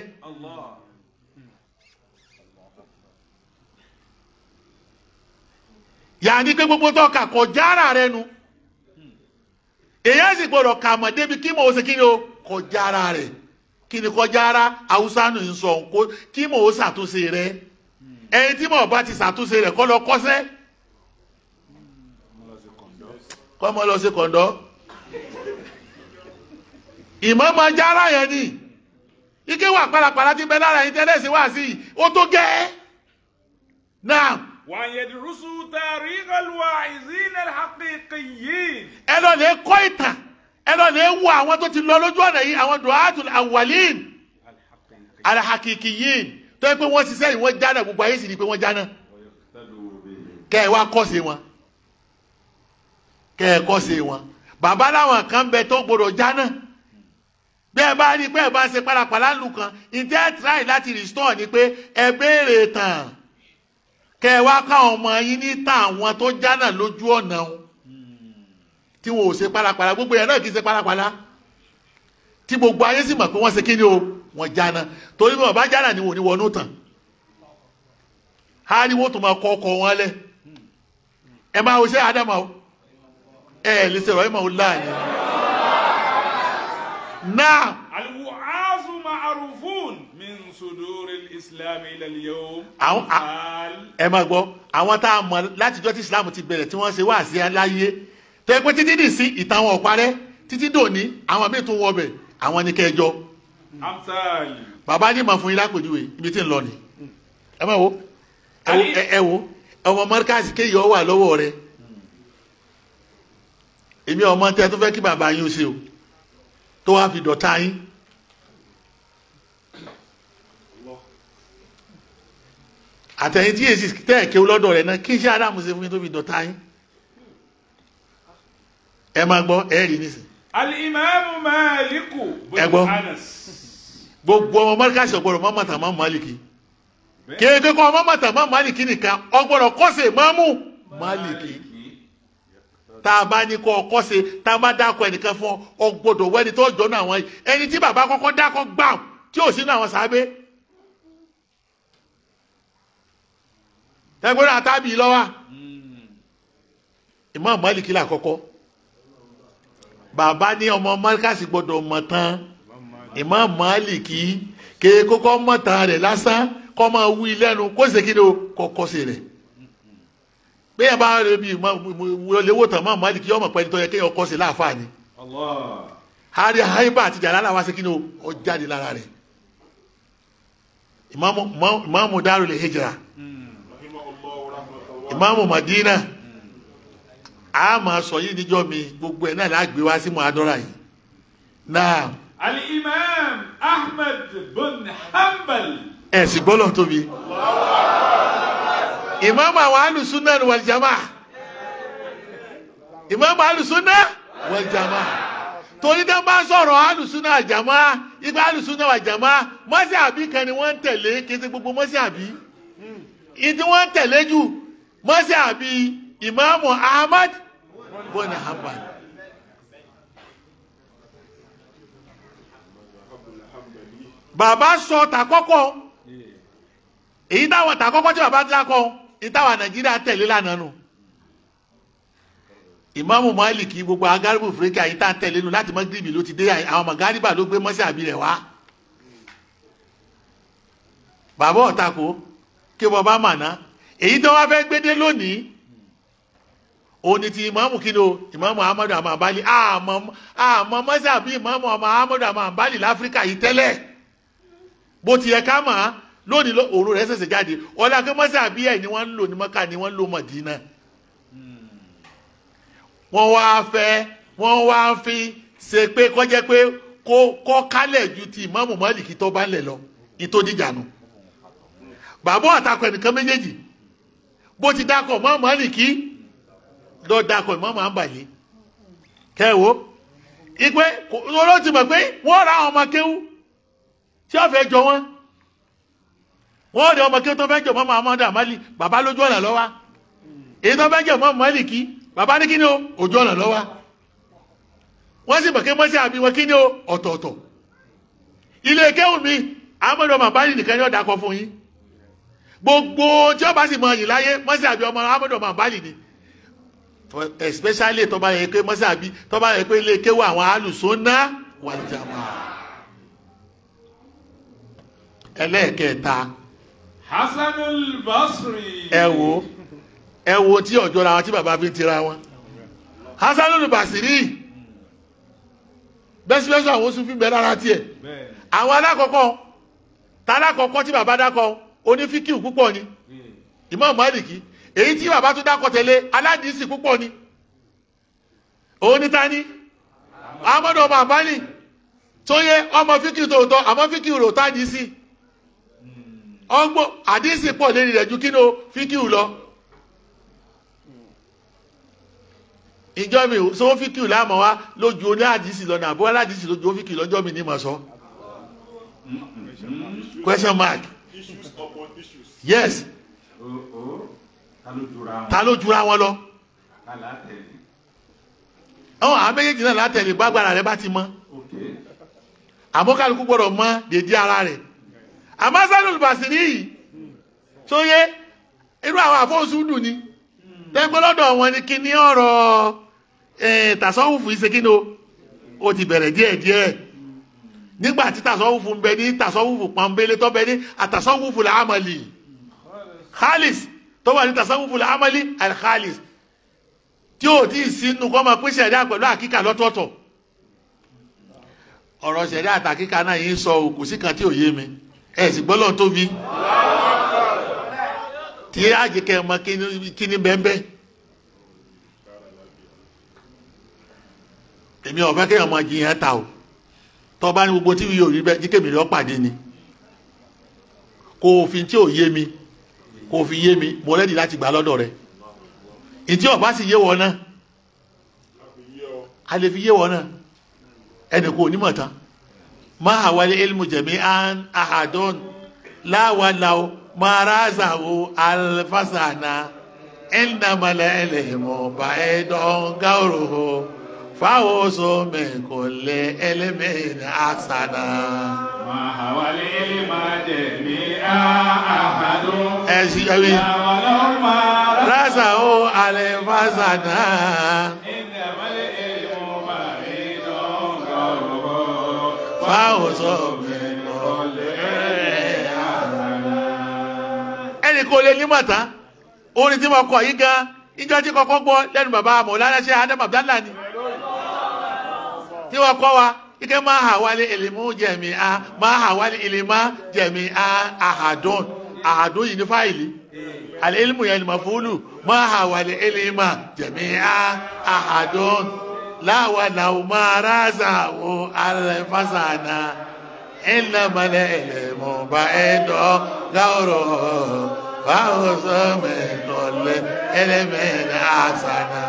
yàní pé gbogbo tó kà kọjá ara rẹ nu èèyàn sì gbọdọ̀ kà mọ̀ débi kí mo ṣe kí ni o kọjá ara rẹ̀ kí ni kọjá ara haúsá nù ń sọ nǹkó kí mò ń ṣàtúnṣe rẹ ẹni tí mò ń bá ti ṣàtúnṣe rẹ kọ́ lọ kọ́sẹ́ kọ́ mọ́ lọ sí kọ̀ǹdọ́ ìmọ̀ máa já ara yẹn ni ike wà pàlàpàlà ti bẹ lára yín tẹ́lẹ̀ sí wá sí i ó tó gẹ́ náà. wàyẹ̀dì rúṣù tàrí ìlú àìsí ilẹ̀ yìí. ẹ lọ lè kọ́ ìtàn ẹlọ lè wo àwọn tó ti lọ lójú ọ̀nà yìí àwọn duhatul awwalin alhakikiyin tó yẹ pé wọ́n ṣiṣẹ́ yìí wọ́n jáná gbogbo ayé sì ni pé wọ́n jáná kẹ́ ẹ wá kọ́sẹ̀ wọn kẹ́ ẹ kọ́sẹ̀ wọn bàbá làwọn kan bẹ tó gbọdọ̀ jáná bẹ́ẹ̀ bá rí i pé ẹ̀ bá ń ṣe parapàlà lù kan ìtẹ́ try láti restore ni pé ẹ béèrè tàn kẹ́ ẹ wá káwọn ọmọ yín ní tàn àwọn tó jáná lójú ọ̀nà wọn tí wọn ò ṣe parapara gbogbo yẹn náà kì í ṣe parapara tí gbogbo ayé sì mọ̀ pé wọ́n ṣe kí ni o wọ́n jáná torí bí bá jáná ni wọn ò ní wọnú tàn á ní wọ́n tó máa kọ́ ọkọ̀ wọn lẹ̀ ẹ máa wo ṣé o ẹ lè ṣe ìrọ̀lẹ́ máa láàyè náà. الوعاظ معروفون من صدور الإسلام إلى اليوم. àwọn ẹ máa gbọ́ àwọn tá a mọ̀ látijọ́ tí Islam ti bẹ̀rẹ̀ tí wọ́n ṣe wá sí aláyé tẹ́ pé títí dì sí ìtàn àwọn ọ̀parẹ́ títí dòní àwọn míì tún wọbẹ̀ àwọn ní kẹjọ. bàbá ní màá fún yín lápèjúwe ibi tí ń lọ ni ẹ má wo ẹ wo ọmọ mọ́ríkàsì kéyìí ọ wà lọ́wọ́ rẹ èmi ọmọ tẹ tó fẹ́ kí bàbá yín ó ṣe o tó wàá fi dọ̀tá yín. àtẹ̀yìn tí èsì tẹ̀ kéwú lọ́dọ̀ rẹ̀ náà kí iṣẹ́ Ádámù ṣe fún yín tó fi dọ̀tá yín. ẹ máa gbọ́ ẹ rí nísìn. alimami maaliku bọ́lá anas. gbogbo ọmọ mọ́ríkàsì ọ̀gbọ́dọ̀ máa mọ̀tà máa máàlìkì. kéèké kọ́ ọmọ mọ̀tà máa nìkan a bá ẹnìkan fún tó jọ náà ẹni tí baba tí lọ́wọ́ hmm. Imam Maliki la kọ́kọ́. bàbá ní ọmọ mọ́kàsí gbọ́dọ̀ mọ̀ tán Imam Maliki kí kókó mọ̀ tán rẹ̀ lásán kọ́ máa wú ilẹ́nu kó ṣe kí ni o kọ́kọ́ ṣe rẹ̀ bí ẹ bá rẹ bí léwó tán Imam Maliki ọmọ pẹ́ni tó yẹ kéèyàn kọ́ ṣe láàfáà ni hari haiba àti jàlálà wá ṣe kí ni ó jáde lára rẹ̀ Imam Darul Hijra hmm. Imam Madina a sọ yìí níjọ́ mi gbogbo ẹ̀ náà lágbè wá sí muhadara yìí náà. al-imam ahmed bin hanbal. ẹ sì gbọ́dọ̀ tóbi. imam àwọn alùsùnà wal jama imam alùsùnà wal jama torí dá bá sọ̀rọ̀ alùsùnà àjàmá ipa alùsùnà àjàmá mọ́sí àbí kan ni wọ́n ń tẹ̀lé kété gbogbo mọ́sí àbí ìdí wọ́n ń tẹ̀lé jù mọ́sí àbí ìmáàmù ahmad bọ́nà hanbal. bàbá sọ tàkọ́kọ́ èyí táwọn tàkọ́kọ́ tí bàbá ti dákọ́ èyí táwọn nàìjíríà tẹ̀lé lánàá nù ìmáàmù Málíkì gbogbo agaribu fúrẹ́kì àyè tá à ń tẹ̀lé nu láti mọ́gìrìbì ló ti dé àwọn màgàríbà ló gbé mọ́sí àbí rẹ̀ wá. bàbá ọ̀tako kí bọ́ bá màná èyí tó wá fẹ́ gbédé lónìí òní ti ìmáàmù kí ni o ìmáàmù ahmadu amabali àmọ́ àmọ́ mọ́sàbí ìmáàmù ọmọ ahmadu amabali láfíríkà yìí tẹ́lẹ̀ bó ti yẹ ká mà á lónìí ọ̀rọ̀ rẹ̀ ṣẹ̀ṣẹ̀ jáde ọ̀la pé mọ́sàbí ẹ̀ ni wọ́n ń lò ní mọ́kà ni wọ́n ń lò mọ̀dínà wọ́n wá fẹ́ wọ́n wá fi ṣe pé kọ́jẹ́ pé kó kọ́ kálẹ̀ ju ti ìmáàmù málìkì tó bá ń lẹ̀ lọ ìtòdìjànù bàbá àtakọ̀ ẹnìkan méjèèjì bó ti dákọ̀ mọ́ málìkì lọ́dàkọ̀ ìmọ̀ máa ń bàjẹ́ kẹwò ìpè olóòtú mọ̀ pé wọ́n ra àwọn ọmọ kéwú tí wọ́n fẹ́ jọ wọ́n wọ́n rí ọmọ kéwú tó fẹ́ jọ mọ́ Muhammad Amali bàbá lójú ọ̀nà lọ́wọ́ èyí tó fẹ́ jọ mọ́ Maliki bàbá ní kíni o ojú ọ̀nà lọ́wọ́ wọ́n sì mọ̀ pé mọ́sí àbí wọn kíni o ọ̀tọ̀ọ̀tọ̀ ilé kéwú mi Ahmad Amali nìkan ni ọ̀dà kọ fún yín gbogbo tí wọ́n bá sì mọ yìí láyé mọ́sí àbí ọmọ Ahmad Amali ni especially tó bá yẹ pé mọ́sàbí tó bá yẹ pé ilé kéwú àwọn alùsọ́nà wàlìjàmà. ẹlẹ́ẹ̀kẹta. Hasanul Basri. ẹ wo ẹ wo tí ọjọ́ ra wọn tí bàbá fi ń tira wọn Hasanul Basri bẹ́sibẹ́sọ àwọn oṣù fi ń bẹ lára tiẹ̀ àwọn alákọ̀ọ́kọ́ tá alákọ̀ọ́kọ́ tí bàbá dákọ̀ onífíkìw púpọ̀ ni hmm. Imam Maliki èyí tí bàbá tún dákọ̀ tẹ̀lé aládìísì púpọ̀ ni òun ní tani amadu ọmọ àbálì tó yẹ ọmọ fíkì tòótọ́ àmọ́ fíkì rò tádìí sí ọgbọ́n àdìsí pọ̀ lérí rẹ̀ ju kí ni o fíkì lọ. ìjọ mi sọ wọn fíkì láàmọ wa lójú oní àdìsí lọ náà àbúrò aládìsí lójú wọn fíkì lọ́jọ́ mi ní mọ sọ. question mark yes oh, oh ta ló jura wọn lọ àwọn àwọn méjèèjì náà látẹ̀lé gbàgbára rẹ bá ti mọ àmọ́ kálukú gbọ́dọ̀ mọ dédé ara rẹ̀ àmọ́ sálùlù bàṣírí yìí tó yé irú àwọn àfọ́sùdù ni tẹ́gbọ́lọ́dọ̀ wọn ni kí ní ọ̀rọ̀ tàṣọ́wùfù yìí ṣe kí ni o ó ti bẹ̀rẹ̀ díẹ̀díẹ̀ nígbà tí tàṣọ́wùfù ń bẹ ní tàṣọ́wùfù pọ̀nbélé tó bẹ ní àtàṣọ́wùfù khalis tó wà ní tasawufu amali alkhalis tí ò tí ì sínú kọ́ máa pín sẹ̀ríà pẹ̀lú àkíkà lọ́tọ̀ọ̀tọ̀ ọ̀rọ̀ sẹ̀ríà àtàkíkà náà yìí sọ òkú sí kan tí ò yé mi ẹ̀ sì gbọ́ lọ́n tóbi tí àjẹkẹ́ mọ kíní bẹ́ẹ̀ èmi ọ̀fẹ́ kéèyàn máa jiyàn ta o tó bá ní gbogbo tí mi yóò rí bẹ́ẹ̀ jíkèmí lọ́ọ́ pàdé ni kò òfin tí ò yé mi kò yé mi mo rẹ́dì láti gbà lọ́dọ̀ rẹ ìtí ọ̀bá sì yé wọn náà a lè fi yé wọn náà ẹnì kò ní mọ̀ tán máa àwálé ilmu jẹ̀mí an ahadon, láwàláwo máa ráza wo alfasana ẹnìdàmọ́lẹ̀ ẹlẹ́mọ̀ bá ẹ̀ dán gáòrò o. فوز من كل علم أحسنا ما هو العلم جميعا أحد ولو ما رزه عليه فسنا إنما العلم بعيد قربه فوز من كل علم أحسنا ẹnì kò lè ní mọ̀tá orin tí mo kọ yìí gan-an ìjọ tí kọ́kọ́ gbọ́ lẹ́nu bàbá mọ̀lánà ṣe adé màbdálà ni tí wọ́n kọ́ wa ike máa hà wálé ìlímú jẹ̀mí a máa hà wálé ìlímá jẹ̀mí a àhàdùn àhàdùn yìí ní fáìlì àlẹ́ ìlímù yẹn ni màfúlù máa hà wálé ìlímá jẹ̀mí a àhàdùn láwa làwọn máa rázà wọ alẹ́ fásánà ìlànàmọ́lẹ̀ ìlímù bá ẹ̀ dọ́ gáwòrò báwo sọ mẹ́tọ́lẹ̀ ẹlẹ́mẹ̀ẹ́ àṣànà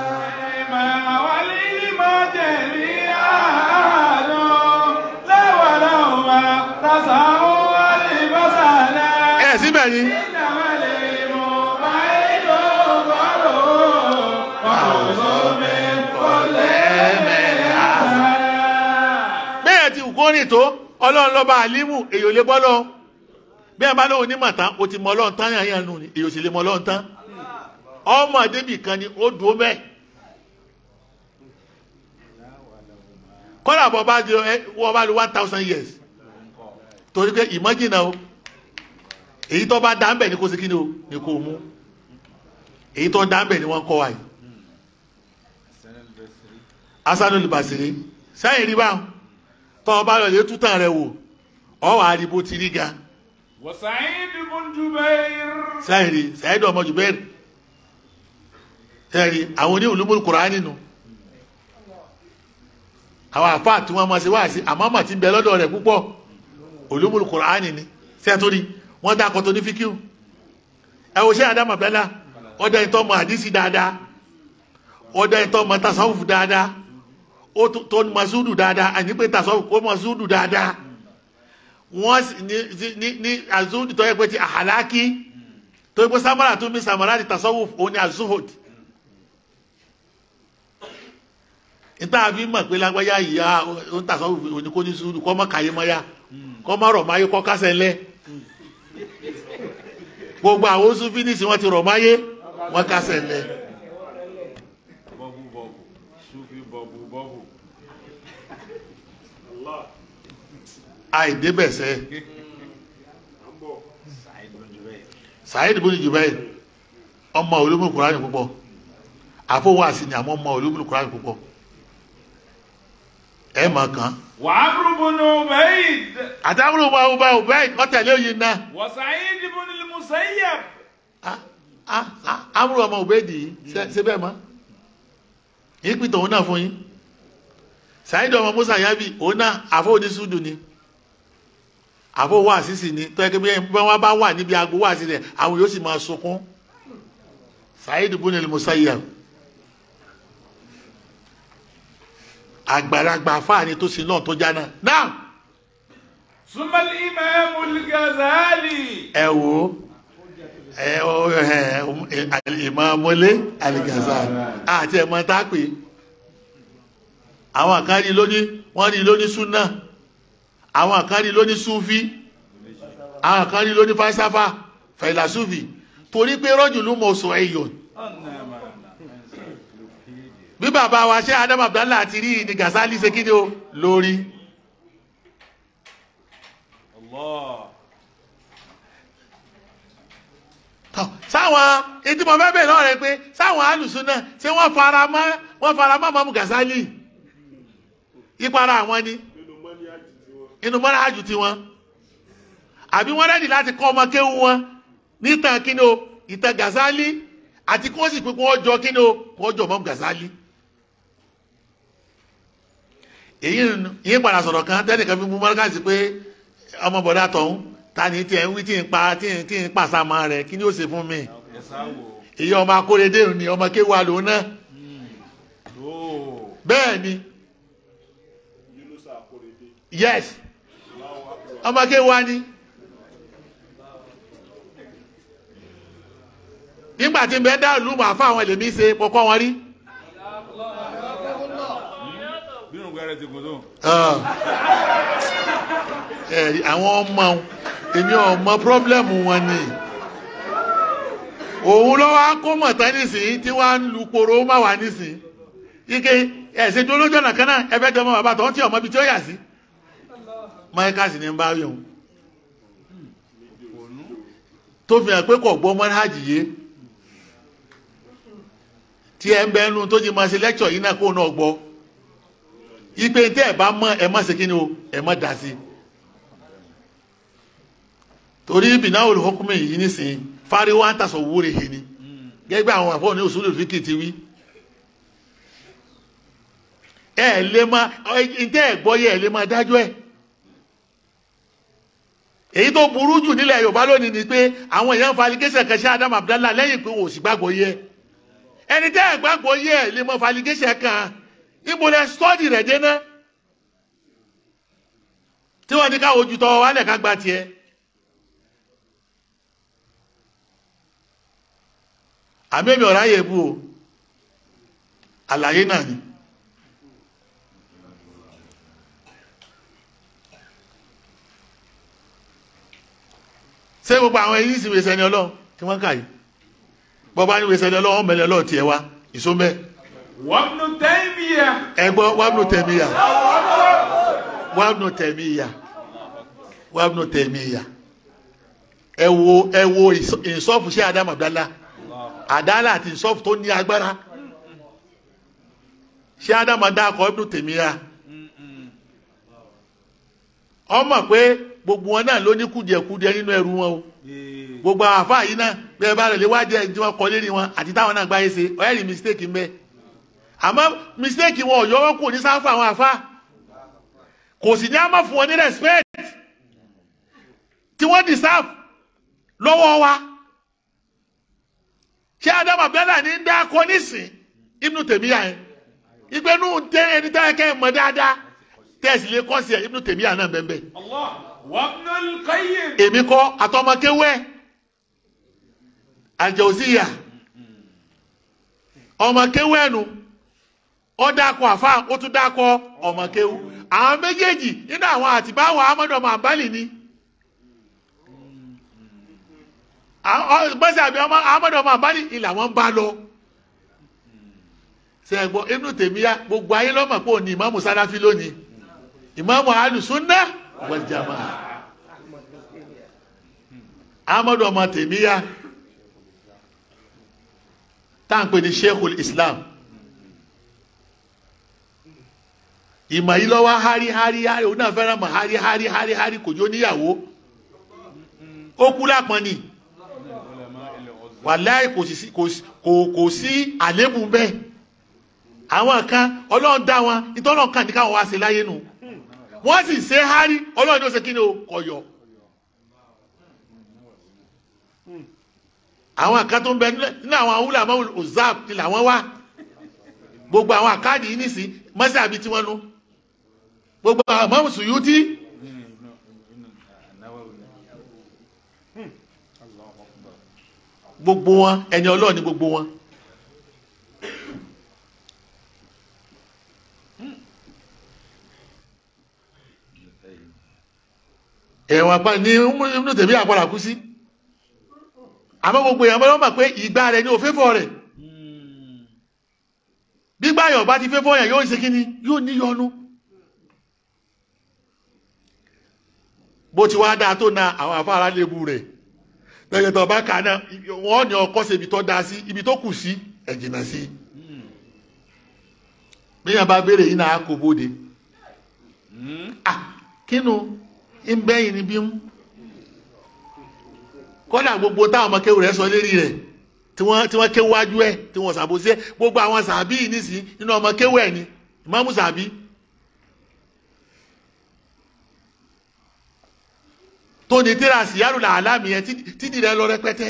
ẹ̀ síbẹ̀ ni. bẹ́ẹ̀ ti kó rìn tó ọlọ́run lọ́ba àlímù èyí ò lè bọ́ lọ bí ẹ bá lóun ní màtá o ti mọ ọlọ́run tán yàn yàn nù ni èyí ò sì lè mọ ọlọ́run tán ọmọ débì kan ni ó dúró bẹ́ẹ̀. kọ́lá bọ́ bá lo wọ́n bá lo one thousand years torí pé imagine o èyí tó bá dá ń bẹ̀ ni kò sí kí ni o ni kò mú èyí tó dá ń bẹ̀ ni wọ́n kọ́ wa yìí asanu libasiri sẹ́yìn rí báwọn tó o bá lọ lè tú rẹ wò ọ wà á rí bó ti rí ga. wò Sa'id ibn Jubair. sẹ́yìn rí Sa'id ọmọ Jubair sẹ́yìn rí àwọn oníhùn ló mú Kùránì nù àwọn àfáà tí wọ́n máa ṣe wáàsí àmọ́mọ́ ti ń bẹ lọ́dọ̀ rẹ̀ púpọ̀ olómùlù kùránì ni sẹ́tùrì wọ́n dá akọ̀tọ̀ ní fíkìú ẹ wo ṣé adama bẹ́lá ọ̀dọ̀ ìtọ́ mọ àdísì dáadáa ọ̀dọ̀ ìtọ́ mọ tasawufu dáadáa ó tó mọ súdù dáadáa àní pé tasawufu kó mọ súdù dáadáa wọ́n ní ní azúdù tó yẹ pé ti àhàlákì tó yẹ pé samara tó mi samara ti tasawufu òun ni azúhòdì níta fi mọ̀ pé lágbájá yìí á ó ń tàṣọ oníkó ní sùúrù kọ́ mọ́ kàyé mọ́yá kọ́ mọ́ rọ̀ máyé kọ́ kásẹ̀ gbogbo àwọn oṣù fínísì wọn ti rọ̀ máyé wọn kásẹ̀ ńlẹ̀. ọmọ púpọ̀ àfọwọ́ àsìnì ọmọ púpọ̀. ẹ mọ̀ kan. wà á burúkú ní ubaid. àtàbúrò bá ọba ubaid ọ̀tẹ̀lé òyìn náà. wà sa'id ibn al-musayyab. amúrò ọmọ ubaid yìí ṣe bẹ́ẹ̀ mọ́ yìí pìtàn òun náà fún yín sa'id ọmọ musayyabi òun náà àfọwọ́dí sùdù ni àbò wà ni tó yẹ wọ́n bá wà níbi aago wà sílẹ̀ àwọn yóò sì máa sunkún Sa'id ibn àgbàlagbà fáàní tó sin náà tó jáná náà. sumali imaamu al-Ghazali. ẹ wo ẹ ọ ẹ Imamole al-Ghazali àti ẹ̀mọ́ tá a pè é àwọn kan rí lóní wọ́n rí lóní súnà àwọn kan rí lóní súfí àwọn kan rí lóní fásáfà fàìlàsúfì torí pé rọ́jùlú mọ̀ sọ ẹ̀yọ̀ bí bàbá wa ṣe Adam Abdallah àti rí ni Gazali ṣe kíni o lórí. sáwọn etí mo fẹ́ bẹ̀rẹ̀ náà rẹ pé sáwọn alùsùnà ṣé wọ́n fara mọ́ wọ́n fara mọ́ mọ́mú Gazali ìpara àwọn ni inú mọ́ra àjù tiwọn àbí wọ́n rẹ́dì láti kọ́ ọmọ kéwú wọn nítan kíni o ìtàn Gazali àti kí wọ́n sì pé kí wọ́n jọ kíni o kí wọ́n jọ mọ́mú Gazali èyí yín padà sọ̀rọ̀ kan tẹ́nìkan fi mú mọ́lẹ́kàsí pé ọmọ bọ̀dá ta ni tí ń wí tí ń pa tí ń tí ń pàṣàmọ́ rẹ̀ kí ni ó ṣe fún mi èyí ọmọ akóredé ni ọmọ kéwàá lòun náà bẹ́ẹ̀ ni yes ọmọ kéwàá ni nígbà tí ń bẹ́ẹ̀ dá ìlú màá àwọn ẹlẹ́mí ṣe pọ̀pọ̀ wọn rí. Ah. àwọn ọmọ èmi ọmọ pírọ́blẹ́mù wọn ni òun lọ́wọ́ akómọ̀tán nísìnyí tí wọ́n á lu má wà nísìnyí ike ẹ̀sẹ̀ tó lójú ọ̀nà kan náà ẹ̀fẹ́ jọmọ bàbá tó ń tí ọmọ tí ó yà sí sì ni nu tó jí máa ṣe lẹ́kṣọ̀ yìí náà kó ipe tẹ́ ẹ bá mọ̀ ẹ má ṣe kíni o ẹ má dá sí torí bìnnáwó ló hókùnmí yìí nísìnyí fáríwá ń tàṣọ wúre yìí ni gẹ́gẹ́ bí àwọn àfọwọ́ ní òṣùlù fíkì ti wí ẹ lè má ntẹ́ ẹ gbọ́ yẹ ẹ lè má dájọ́ ẹ èyí tó burú jù nílẹ̀ Yorùbá lónìí ni pé àwọn èèyàn faligéṣẹ̀ kan ṣe Adam Abdallah lẹ́yìn pé wò ó sì gbàgbọ́ yẹ ẹni tẹ́ ẹ gbàgbọ́ yẹ ẹ lè mọ faligéṣẹ̀ kan ibo lẹ sọ́ọ̀dì rẹ̀ dé náà tí wọ́n ní ká ojú tọ́ wálẹ̀ ká gba tiẹ̀ àmẹ́mi ọ̀rá yẹ bú o àlàyé náà ni ṣé gbogbo àwọn èyí sì wèsẹ̀ ni ọlọ́run tí wọ́n kà yìí bọ́bá ní wèsẹ̀ ni ọlọ́run mẹ́lẹ̀ ọlọ́run tiẹ̀ wá ìsó wabnu taymiya. ẹ gbọ́ wabnu taymiya wabnu taymiya wabnu taymiya ẹ wo ẹ wo ìsọ́fù sí adamu abdallah àdáàlà àti ìsọ́fù tó ní agbára ṣé ádámà dákọ̀ ibnu tèmíyà ọmọ pé gbogbo wọn náà ló ní kùdìẹ̀kùdìẹ̀ nínú ẹrù wọn o gbogbo àwọn àfáà yìí náà bẹ́ẹ̀ bá rẹ̀ lé wájú ẹ̀ tí wọ́n kọ́ ní wọn àti táwọn náà gbáyé ṣe ọ̀yẹ́rì mistake ń bẹ́ẹ̀. àmọ́ mistake wọn ọ̀yọ́ wọn kò ní sáfà àwọn àfa kò sì ní àmọ́ fún wọn ní respect tí wọ́n deserve lọ́wọ́ wa ṣé adam abdallah ní dá akọ nísìn ibnu tèmíyà yẹn ìgbẹ́nu tẹ ẹni tẹ́ kẹ́ mọ̀ dáadáa tẹ́sí lè kọ́ sí ẹ ibnu tèmíyà náà bẹ́ẹ̀ bẹ́ẹ̀ èmi kọ́ àtọmọkéwẹ́ àjọsíyà ọmọkéwẹ́ nu ó dákọ àfa ó tún dákọ ọmọ kéwu àwọn méjèèjì nínú àwọn àtibáwọ amọdọ màbálì ni gbọ́sẹ̀ àbí amọdọ màbálì ilà wọn bá lọ sẹ́gbọ́ inú tèmíyá gbogbo ayé lọ́mọ̀ pé òní ìmáàmù sáráfí lónìí ìmáàmù alùsúnná wal jamaa amọdọ ọmọ tèmíyá táǹpẹ̀ ní sheikhul islam. ìmọ̀ yìí lọ́wọ́ hárí hárí hárí òun náà fẹ́ràn mọ̀ hárí hárí hárí hárí kò jó níyàwó ó kú lápọn ni wàláì kò sí àlébù bẹ́ẹ̀ àwọn kan ọlọ́run dá wọn ìtọ́nà kan ní káwọn wá ṣe láyé nù wọ́n sì ṣe hárí ọlọ́run ló ṣe kí ni o kọ̀yọ̀ àwọn kan tó ń bẹ nínú àwọn awúlẹ̀ àmọ́ òzáàpù ni làwọn wá gbogbo àwọn àkáàdì yìí nìsín mọ́sí àbí tí wọ́n nu gbogbo àmọ́ Suyuti gbogbo wọn ẹni ọlọ́ọ̀ni gbogbo wọn. ẹ̀wọ̀n pa ni inú tèmi àpàrà kú sí àmọ́ gbogbo èèyàn bọ́lá mọ̀ pé ìgbà rẹ̀ ni òféfọ́ rẹ̀ gbígbà yọ̀ bá ti fẹ́fọ́ yẹn yóò ṣe kí ni yóò níyọnu. bó ti wá dáa tó na àwọn afárá lébu rẹ̀ lẹ́yìn tó bá kà náà wọ́n ní ọkọ́ ṣe ibi tó dáa sí ibi tó kù sí ẹ̀jìnà sí bíyàn bá béèrè yìí náà kò bóde kínú ń bẹ́yìn ni bí ń kọ́dà gbogbo táwọn ọmọ kéwù rẹ̀ sọ lérí rẹ̀ tí wọ́n kéwájú ẹ̀ tí wọ́n ṣàbòsí ẹ̀ gbogbo àwọn sàbí yìí nísìnyí nínú ọmọ kéwù ẹ̀ ni ìmáàmù sàbí. tó ní tíra la làálàmì yẹn títí rẹ lọ rẹpẹtẹ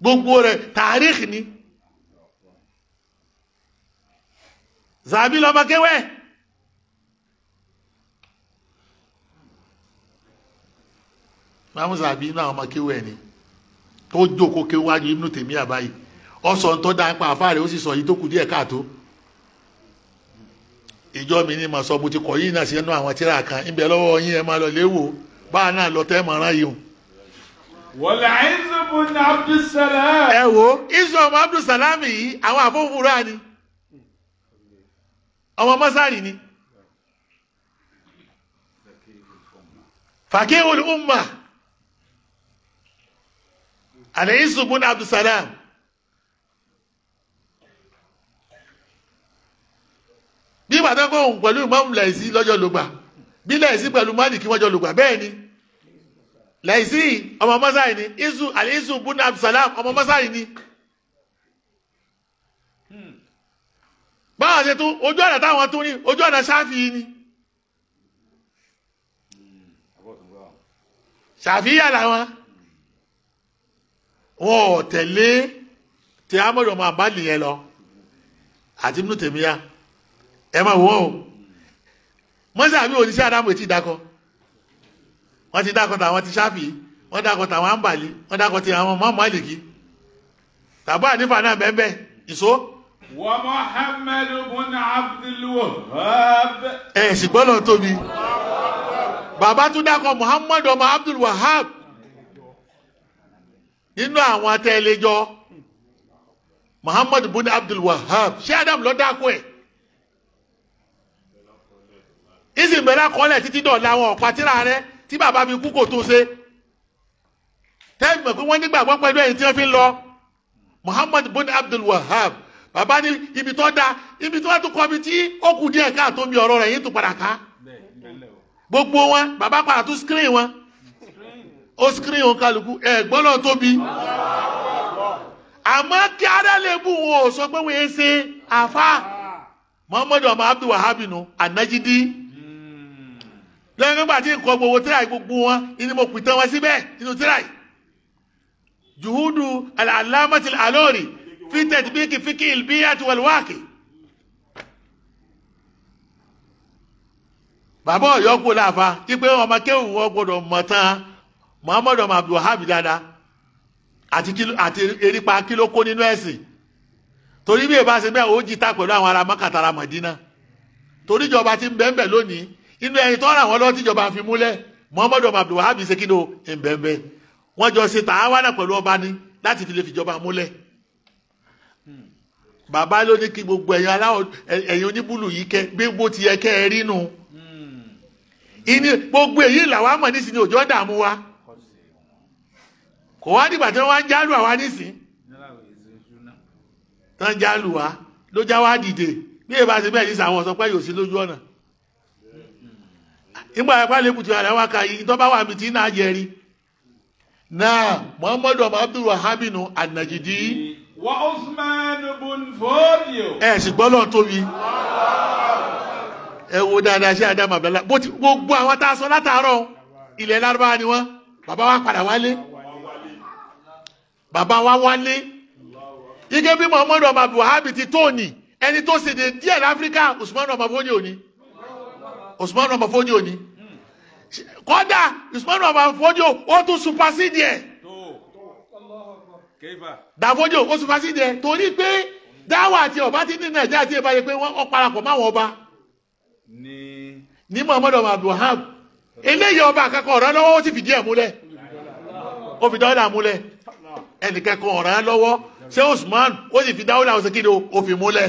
gbogbo rẹ tàríkì ni zàbí lọmọ kéwẹ mamu zàbí náà ọmọ kéwẹ ni tó jókòó kéwájú ibnu tèmíyà báyìí ọsọ ń tọ́ da ń pa àfáà rẹ̀ ó sì sọ yìí tó kù díẹ̀ káàtó. ìjọ mi ni màá sọ bó ti kọ yìí náà àwọn tíra kan ibẹ̀ lọ́wọ́ yín ẹ lọ léwò báà náà lọ tẹ́ màrán yìí o. wọlé ìzọmọ ní abdulsalam. ẹ wo ìzọmọ abdulsalam yìí àwọn ni ọmọ mọ́sárì ni fàkíhùn umar àlẹ́ ìzọmọ ní abdulsalam. nígbà tó kó òun pẹ̀lú ìmọ̀mù láìsí lọ́jọ́ ló gbà bí láìsí pẹ̀lú málìkì wọ́jọ́ ló gbà bẹ́ẹ̀ ni láìsí ọmọ mọ́sáì ni isu àlẹ́ isu bùnú abdulsalam ọmọ mọ́sáì ni. báwọn ṣe tún ojú ọ̀nà táwọn tún ní ojú ọ̀nà ṣáfìí ni. ṣàfihàn làwọn wọn ò tẹ̀lé tí amọ̀dọ̀ máa bá nìyẹn lọ àti Ibn Taymiyyah ẹ máa wọ́n o mọ́sí àbí oníṣẹ́ adamu ti dakọ wọ́n ti dakọ tàwọn ti ṣáfì wọ́n dakọ tàwọn àǹbàlì wọ́n dakọ ti àwọn ọmọ màlìkì tàbá ànífà náà bẹ́ẹ̀ ìṣó. wa Muhammad ibn Abdul Wahhab. ẹ ṣùgbọ́n náà tóbi bàbá tún dakọ Muhammad ọmọ Abdul Wahhab nínú àwọn atẹ́lẹ́jọ́ Muhammad bin Abdul Wahhab ṣé Adam ló dákọ ẹ̀ ìsìnbẹ̀lá kọ́lẹ̀ títí dọ̀la wọn ọ̀pá tíra rẹ tí bàbá fi kú kò tó ṣe tẹ́gbẹ̀ pé wọ́n nígbàgbọ́ pẹ̀lú ẹ̀yìn tí wọ́n fi ń lọ Muhammad bin Abdul Wahab bàbá ní ibi tó da ibi tó wá tó kọ́ mi tí ó kù díẹ̀ káàtó mi ọ̀rọ̀ rẹ̀ yín tó padà ká gbogbo wọn bàbá padà tún screen wọn ó screen wọn kálukú ẹ̀ e gbọ́dọ̀ tóbi àmọ́ kí adálẹ́bù wọn ò sọ pé wọ́n ṣe àfa Muhammad ọmọ Abdul Wahab nù ànájídìí. lẹ́yìn nígbà tí nǹkan gbowó tíráì gbogbo wọn ni mo pìtàn wọn síbẹ̀ nínú tíráì juhudu alámọ́tì alóòrì fitẹ̀tì bíkì fíkì ìlbíyà ti bàbá ọ̀yọ́ kú láàfa tí pé ọmọ kéwù wọn gbọdọ̀ mọ̀ tán muhammadu abdulhab dada àti erípa kìló kó nínú ẹ̀sìn torí bí ìbáṣe bẹ́ẹ̀ ó jí ta pẹ̀lú àwọn ará mọ́kàtàrà mọ̀dínà toríjọba ti ń bẹ́ẹ̀ bẹ́ẹ̀ lónìí inú ẹni tó ràn wọ́n lọ́wọ́ tíjọba fi múlẹ̀ muhammadu ọmọ abdul wahab ṣe kíni o ẹ̀ǹbẹ̀ǹbẹ̀ wọ́n jọ ṣe tààwánà pẹ̀lú ọba ni láti fi lè fìjọba múlẹ̀ bàbá ló ní kí gbogbo ẹ̀yin aláwọ̀ ẹ̀yin oníbùlù yìí kẹ gbégbó ti yẹ kẹ́ ẹ rí nu ìní gbogbo èyí làwọn àmọ̀ nísìnyí òjò dààmú wa kò wá dìgbà tí wọ́n wá ń jálù àwa nísìn tán jálù wa ló já wá dìde bí èèbá ṣe bẹ́ẹ̀ ní sàwọn sọ pé yòó sí lójú ọ̀nà ìgbà ẹ̀pá lè kùtù àrẹ wákà yìí tó bá wà mí tí náà yẹri náà muhammadu ọmọ abdul wahabinu anajidi. wa usman bun fodio. ẹ sì gbọ́dọ̀ tóbi ẹ wo dáadáa ṣe àdá màbẹ́lá bó ti gbogbo àwọn tá a sọ látàárọ̀ ilẹ̀ lárúbáwá ni wọ́n bàbá wa padà wálé bàbá wa wálé ike bí muhammadu ọmọ abdul wahabi ti tóòní ẹni tó ṣèdè díẹ̀ láfíríkà usman ọmọ abdul wahabi òní. Usman ọmọ Fodio ni kọ́dà Usman ọmọ Fodio ó tún supasídìí ẹ̀ Dafodio ó supasídìí ẹ̀ torí pé dáwà àti ọba ti ní Nàìjíríà ti báyẹ pé wọ́n parapọ̀ máwọn ọba ní Muhammadu ọmọ Abdulham eléyìí ọba akẹ́kọ̀ọ́ ọ̀rọ̀ lọ́wọ́ ó sì fìdí ẹ̀ múlẹ̀ ó fi dọ́là múlẹ̀ ẹnìkẹ́kọ̀ọ́ ọ̀rọ̀ lọ́wọ́ ṣé Usman ó sì fi dáwọ́là ó sì kéde ó fi múlẹ̀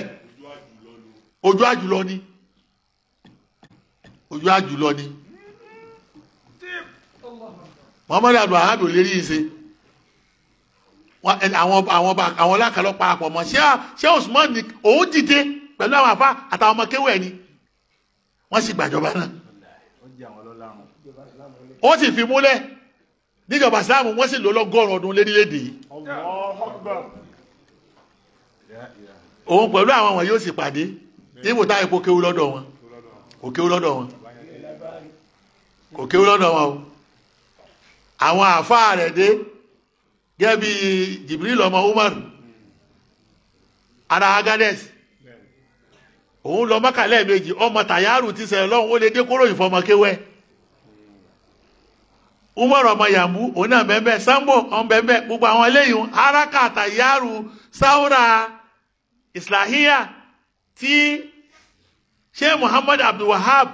ojú àjùlọ ni ojú àjùlọ ni muhammadu abdul ahab ò lè rí ìṣe àwọn àwọn alákàlọ́ parapọ̀ mọ́ ṣé usman ni òun dìde pẹ̀lú àwọn àfa àtàwọn ọmọ kéwẹ̀ ni wọ́n sì gbàjọba náà ó sì fi múlẹ̀ níjọba islam wọ́n sì lò lọ́gọ́rùn ọdún lérílẹ̀‐èdè yìí òun pẹ̀lú àwọn wọn yóò sì pàdé níbo táyà kó kéwú lọ́dọ̀ wọn kò kéwú lọ́dọ̀ wọn kò kéwú lọ́dọ̀ wọn o àwọn àáfàá rẹ̀ dé gẹ́gẹ́ Jibril ọmọ Umar ara Agades òun lọ mọ́kàlẹ́ méjì ọmọ tàyárù ti sẹ̀ lọ́hùn ó lè dé kóró ìfọmọ kéwẹ́ Umar ọmọ yàmbú òun náà bẹ́ẹ̀ Sambo ọmọ bẹ́ẹ̀ gbogbo àwọn eléyìí haraka tayaru saura, islahiyya ti Sheikh Muhammad Abdul Wahab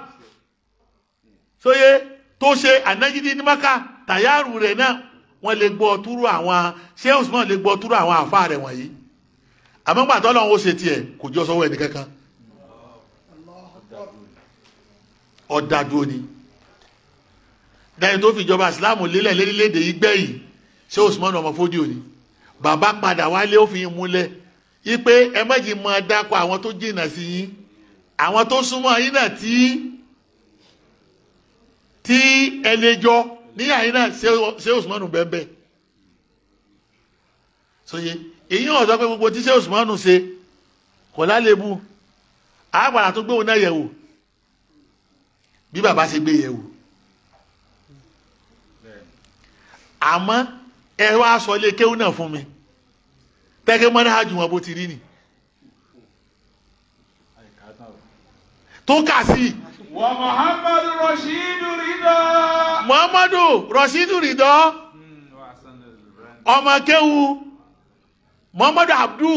sóye. So, yeah, tó ṣe ànágídí ní maka tàyàrù rẹ̀ náà wọ́n lè gbọ́ túrú àwọn ṣé Usman lè gbọ́ túrú àwọn àfa rẹ̀ wọ̀nyí àmọ́ gbàtọ́ lọ́wọ́ ṣe tiẹ̀ kò jọ sọ́wọ́ ẹni kankan ọ̀dàdúró ni lẹ́yìn tó fi ìjọba ìsìláàmù lélẹ̀ lérílẹ̀èdè yìí gbẹ̀yìn ṣé Usman ọmọ Fodio ni bàbá padà wálé ó fi ń múlẹ̀ yí pé ẹ má jì máa dákọ̀ àwọn tó jìnnà sí yín àwọn tó súnmọ́ yín náà tí tí ẹlẹ́jọ́ ní àyín náà ṣé Usmanu bẹ́ẹ̀ sóye èyí hàn sọ pé gbogbo tí ṣé Usmanu ṣe kò lálébù àgbàrá tó gbé òun náà yẹ̀wò bí bàbá ṣe gbé yẹ̀wò àmọ́ ẹ wá sọ ilé kéwù náà fún mi tẹ́kẹ́ mọ́ni hajj wọn bó ti rí ni tó kà sí i wà muhammadu rasheedu ridọ. muhammadu rasheedu ridọ ọmọ kéwu muhammadu abdu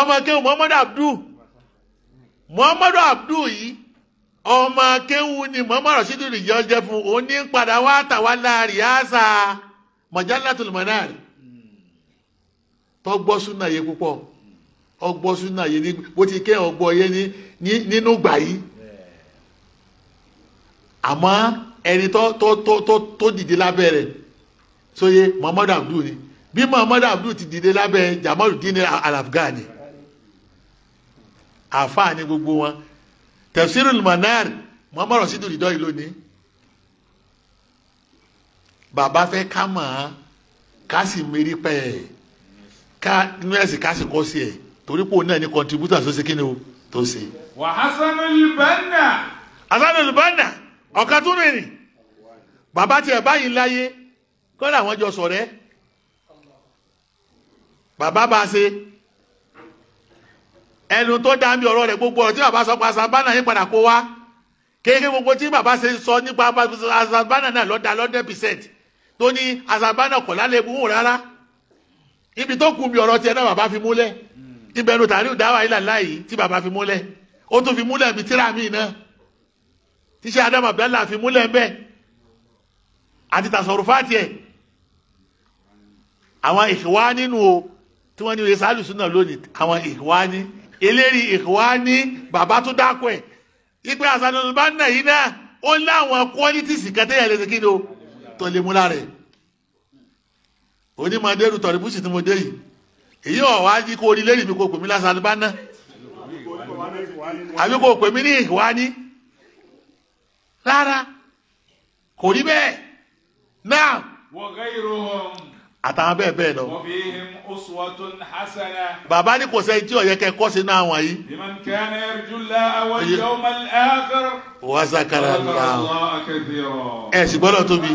ọmọ kéwu muhammadu abdu muhammadu abdu yìí ọmọ kéwu ni muhammadu rasheedu ridọ jẹ fún òní padà wá tàwa láàrin àṣà mọ̀jálátùl mọ̀nárì tọgbọ́ súnà yẹ púpọ̀ ọgbọ́ súnà yẹ ní bó ti kẹ́ ọgbọ́ yẹ ní nínú gbà yìí àmọ́ ẹni tó tó tó tó tó dìde lábẹ́ rẹ̀ sóye Muhammadu Abdul ni bí Muhammadu Abdul ti dìde lábẹ́ Jamaluddin Al-Afghani àfáà ni gbogbo wọn Tafsirul Manar Muhammadu Rasidu Ridọ yìí lónìí bàbá fẹ́ ká mọ̀ ọ́n ká sì mérí pẹ́ ẹ̀ ká nínú ẹ̀sìn ká sì kọ́ sí ẹ̀ torí pò náà ní kọ́ntribútà tó ṣe kí o tó ṣe. Yeah wà hasanul banna. hasanul banna ọ̀kan tún rìn rìn bàbá tiẹ̀ báyìí láyé kọ́lá àwọn jọ sọ̀rẹ́ bàbá bá ṣe ẹnu tó dá mi ọ̀rọ̀ rẹ̀ gbogbo ọ̀rọ̀ tí bàbá sọ pa sanbana yín padà kó wá kéèké gbogbo tí bàbá ṣe sọ nípa sanbana náà lọ́dà lọ́dẹ̀ percent tó ní sanbana kọ̀ lálẹ́ egungun rárá ibi tó kù mi ọ̀rọ̀ tiẹ̀ náà bàbá fi múlẹ̀ ibẹ̀ ló tàrí ìdáwà yìí tí bàbá fi múlẹ̀ ó tún fi múlẹ̀ bí tíra mi náà tíṣẹ́ adam abdallah fi múlẹ̀ bẹ́ẹ̀ àti tàṣọrùfáàtì ẹ̀ àwọn ìhìwá nínú o tí wọ́n ní oye sáàlù súnà lónìí àwọn ìhìwá ní eléri ìhìwá ní bàbá tó dákọ̀ ẹ̀ ipe àṣàlùbá náà yìí náà ó láwọn qualities kẹtẹ́yà lè ṣe kí ni o tó lè onímọ̀ adẹ́rù tọ̀rìbùsì tí mo dé yìí èyí ọ̀ wá yí kó orí lẹ́yìn mi kó pèmí lásàlùbá náà àbí kò pè mí ní ìwání rárá kò rí bẹ́ẹ̀ náà. wa ghayruhum. àtàwọn bẹ́ẹ̀ bẹ́ẹ̀ lọ. wa fihim uswatun hasana. bàbá ní kò sẹ́yìn tí ọ̀yẹ́kẹ́ kọ́ sínú àwọn yìí. liman kana yarju Allaha sì gbọ́dọ̀ tóbi.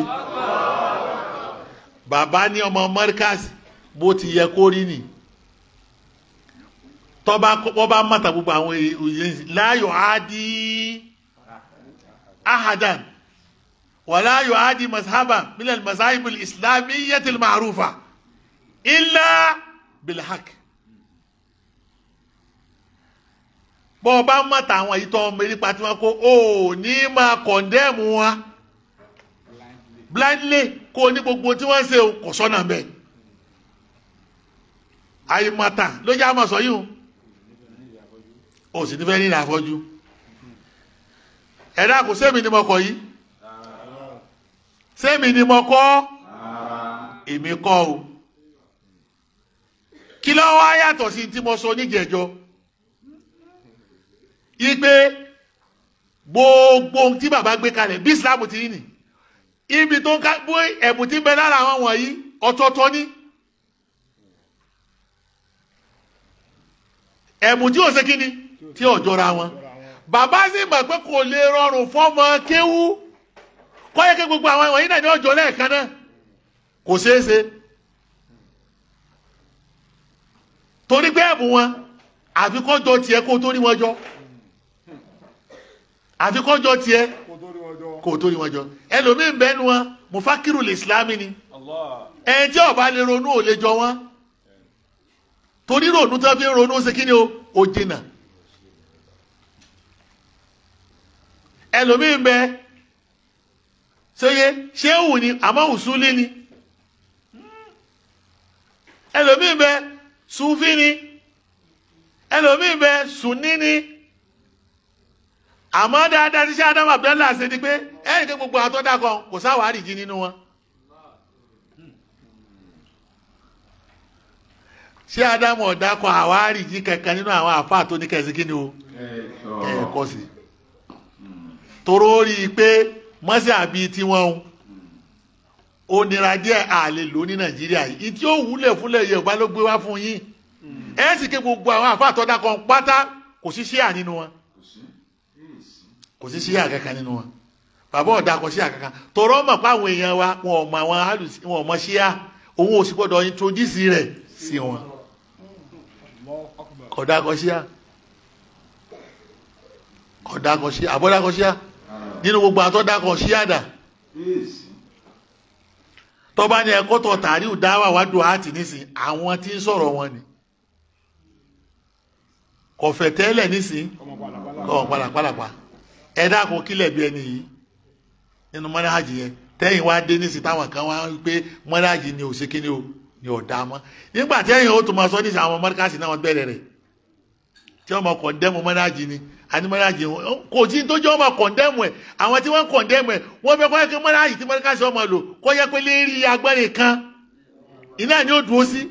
bàbá ní ọmọ mọ́ríkàsì bó ti yẹ kó rí nìyí tọba wọ́n bá mọ̀tà gbogbo àwọn òye láyọ̀ áádì ahadan wàlá yọ̀ áádì masahaba mílẹ̀ masahibul islami yẹtìl ma'rufa ilà bilhak bọ́ ọ bá mọ̀tà àwọn èyí tọ́ ọmọ erípa tí wọ́n kó o ní máa kọ̀ndẹ́ẹ̀mù wọn blindly kó o ní gbogbo tí wọ́n ń ṣe kọ̀sọ́nà bẹ́ẹ̀ àyè mọ̀tà ló jẹ́ àmọ̀sọ́ yìí o o sì ní fẹ́ nínú àfọ́jú ẹ̀dá kò sẹ́mi ni mo kọ yìí sẹ́mi ni mo kọ́ èmi kọ́ o kí ló wá yàtọ̀ sí tí mo sọ níjẹ̀jọ́ yí pé gbogbo tí bàbá gbé kalẹ̀ bí Islam ti ní ibi tó ń ká bó ẹ̀bùn tí ń lára àwọn wọ̀nyí ọ̀tọ̀ọ̀tọ̀ ni ẹ̀bùn tí ò ṣe kí ni. tí ọjọ́ ra wọn bàbá sì mọ̀ pé kò lè rọrùn fọ́mọ kéwú kọ́yẹ́ gbogbo àwọn ìwọ̀nyí náà ní ọjọ́ lẹ́ẹ̀kan náà kò ṣeé ṣe torí pé ẹ̀bùn wọn tó rí wọn jọ tiẹ̀ kó tó rí wọn jọ ẹlòmíín bẹ́nu wọn mufakiru ni tó fi o ẹlòmíì bẹ sóye ṣéwù ni àmọ́ wùsùlì ni ẹlòmíì bẹ sùfì ni ẹlòmíì bẹ sùnì ni àmọ́ dáadáa abdullahi ṣe gbogbo àwọn tó kò sáwárì jí nínú wọn. ṣé jí kankan nínú àwọn àfáà tó ní Toro rí i pé mọ́sí àbí tiwọn o onira díẹ̀ àlè ló ní nàìjíríà yìí tí ó wúlẹ̀ fúnlẹ̀ yorùbá ló gbé wá fún yín ẹ sì ké gbogbo àwọn àfa àtọ́dá kan pátá kò sí síyà nínú wọn kò sí síyà kankan nínú wọn bàbá ọ̀dà kò síyà kankan toró mọ̀ pé àwọn èèyàn wa wọn ò mọ àwọn alùsí wọn ò síyà òun ò sì gbọdọ̀ introduce rẹ̀ sí wọn kódà kò síyà kódà àbọ̀dà kò nínú gbogbo àtọ́dàkọ̀ ṣíàdà tọ́ba ni ẹ̀kọ́ tọ̀ tàríù dáwà wá dùn áàtì nísìn àwọn tí ń sọ̀rọ̀ wọn ni kọ̀fẹ̀ tẹ́lẹ̀ nísìn kọ̀ pàlàpàlàpà ẹ̀dá kò kílẹ̀ bí ẹni yìí nínú mọ́nájì yẹn tẹ́yìn wá dé nísìn táwọn kan wá pé mọ́nájì ni òṣèkíní o ni ọ̀dà mọ́ nígbà tẹ́yìn ó tún máa sọ nísìn àwọn mọ́nákàsì náà wọ́n bẹ̀rẹ̀ rẹ̀ tí wọ́n mọ̀ kọ̀ dẹ́mu mọ́nájì ni àní mọ́nájì wọn kò tí tó jẹ́ ọmọ kọ̀ndẹ́mù ẹ̀ àwọn tí wọ́n kọ̀ndẹ́mù ẹ̀ wọ́n fẹ́ kọ́ yẹ kí mọ́nájì tí mọ́nájì káṣí ọmọ lò kọ́ yẹ pé lérí agbára kan iná ni ó dúró sí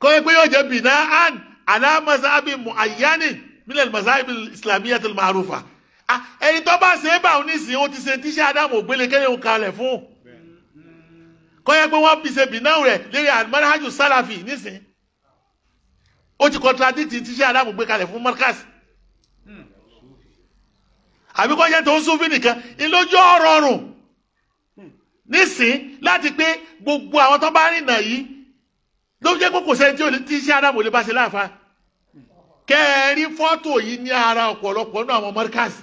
kọ́ yẹ pé yóò jẹ́ bìnà án àná masáàbì muayyani mílẹ̀ masáàbì islamiyya tó ma'rufa ẹni tó bá ṣe é bá òun nísìnyí ó ti ṣe tíṣẹ́ adamu ògbélé kẹ́lẹ́ òun kalẹ̀ fún kọ́ yẹ pé wọ́n fi ṣe bìnà rẹ̀ lérí al-manhaju salafi nísìnyí ó ti kọntradíkì tíṣẹ́ aráàmù gbé kalẹ̀ fún mọ́rkàsì àbí kọ́ jẹ́ tó ń súnfì nìkan ìlójú ọ̀rọ̀ ọ̀rùn nísìn láti pé gbogbo àwọn tó bá rìnà yìí ló jẹ́ kókò sẹ́ni tí ò ní tíṣẹ́ aráàmù lè bá ṣe láàfa kẹ́ẹ̀rí fọ́tò yìí ní ara ọ̀pọ̀lọpọ̀ náà àwọn mọ́rkàsì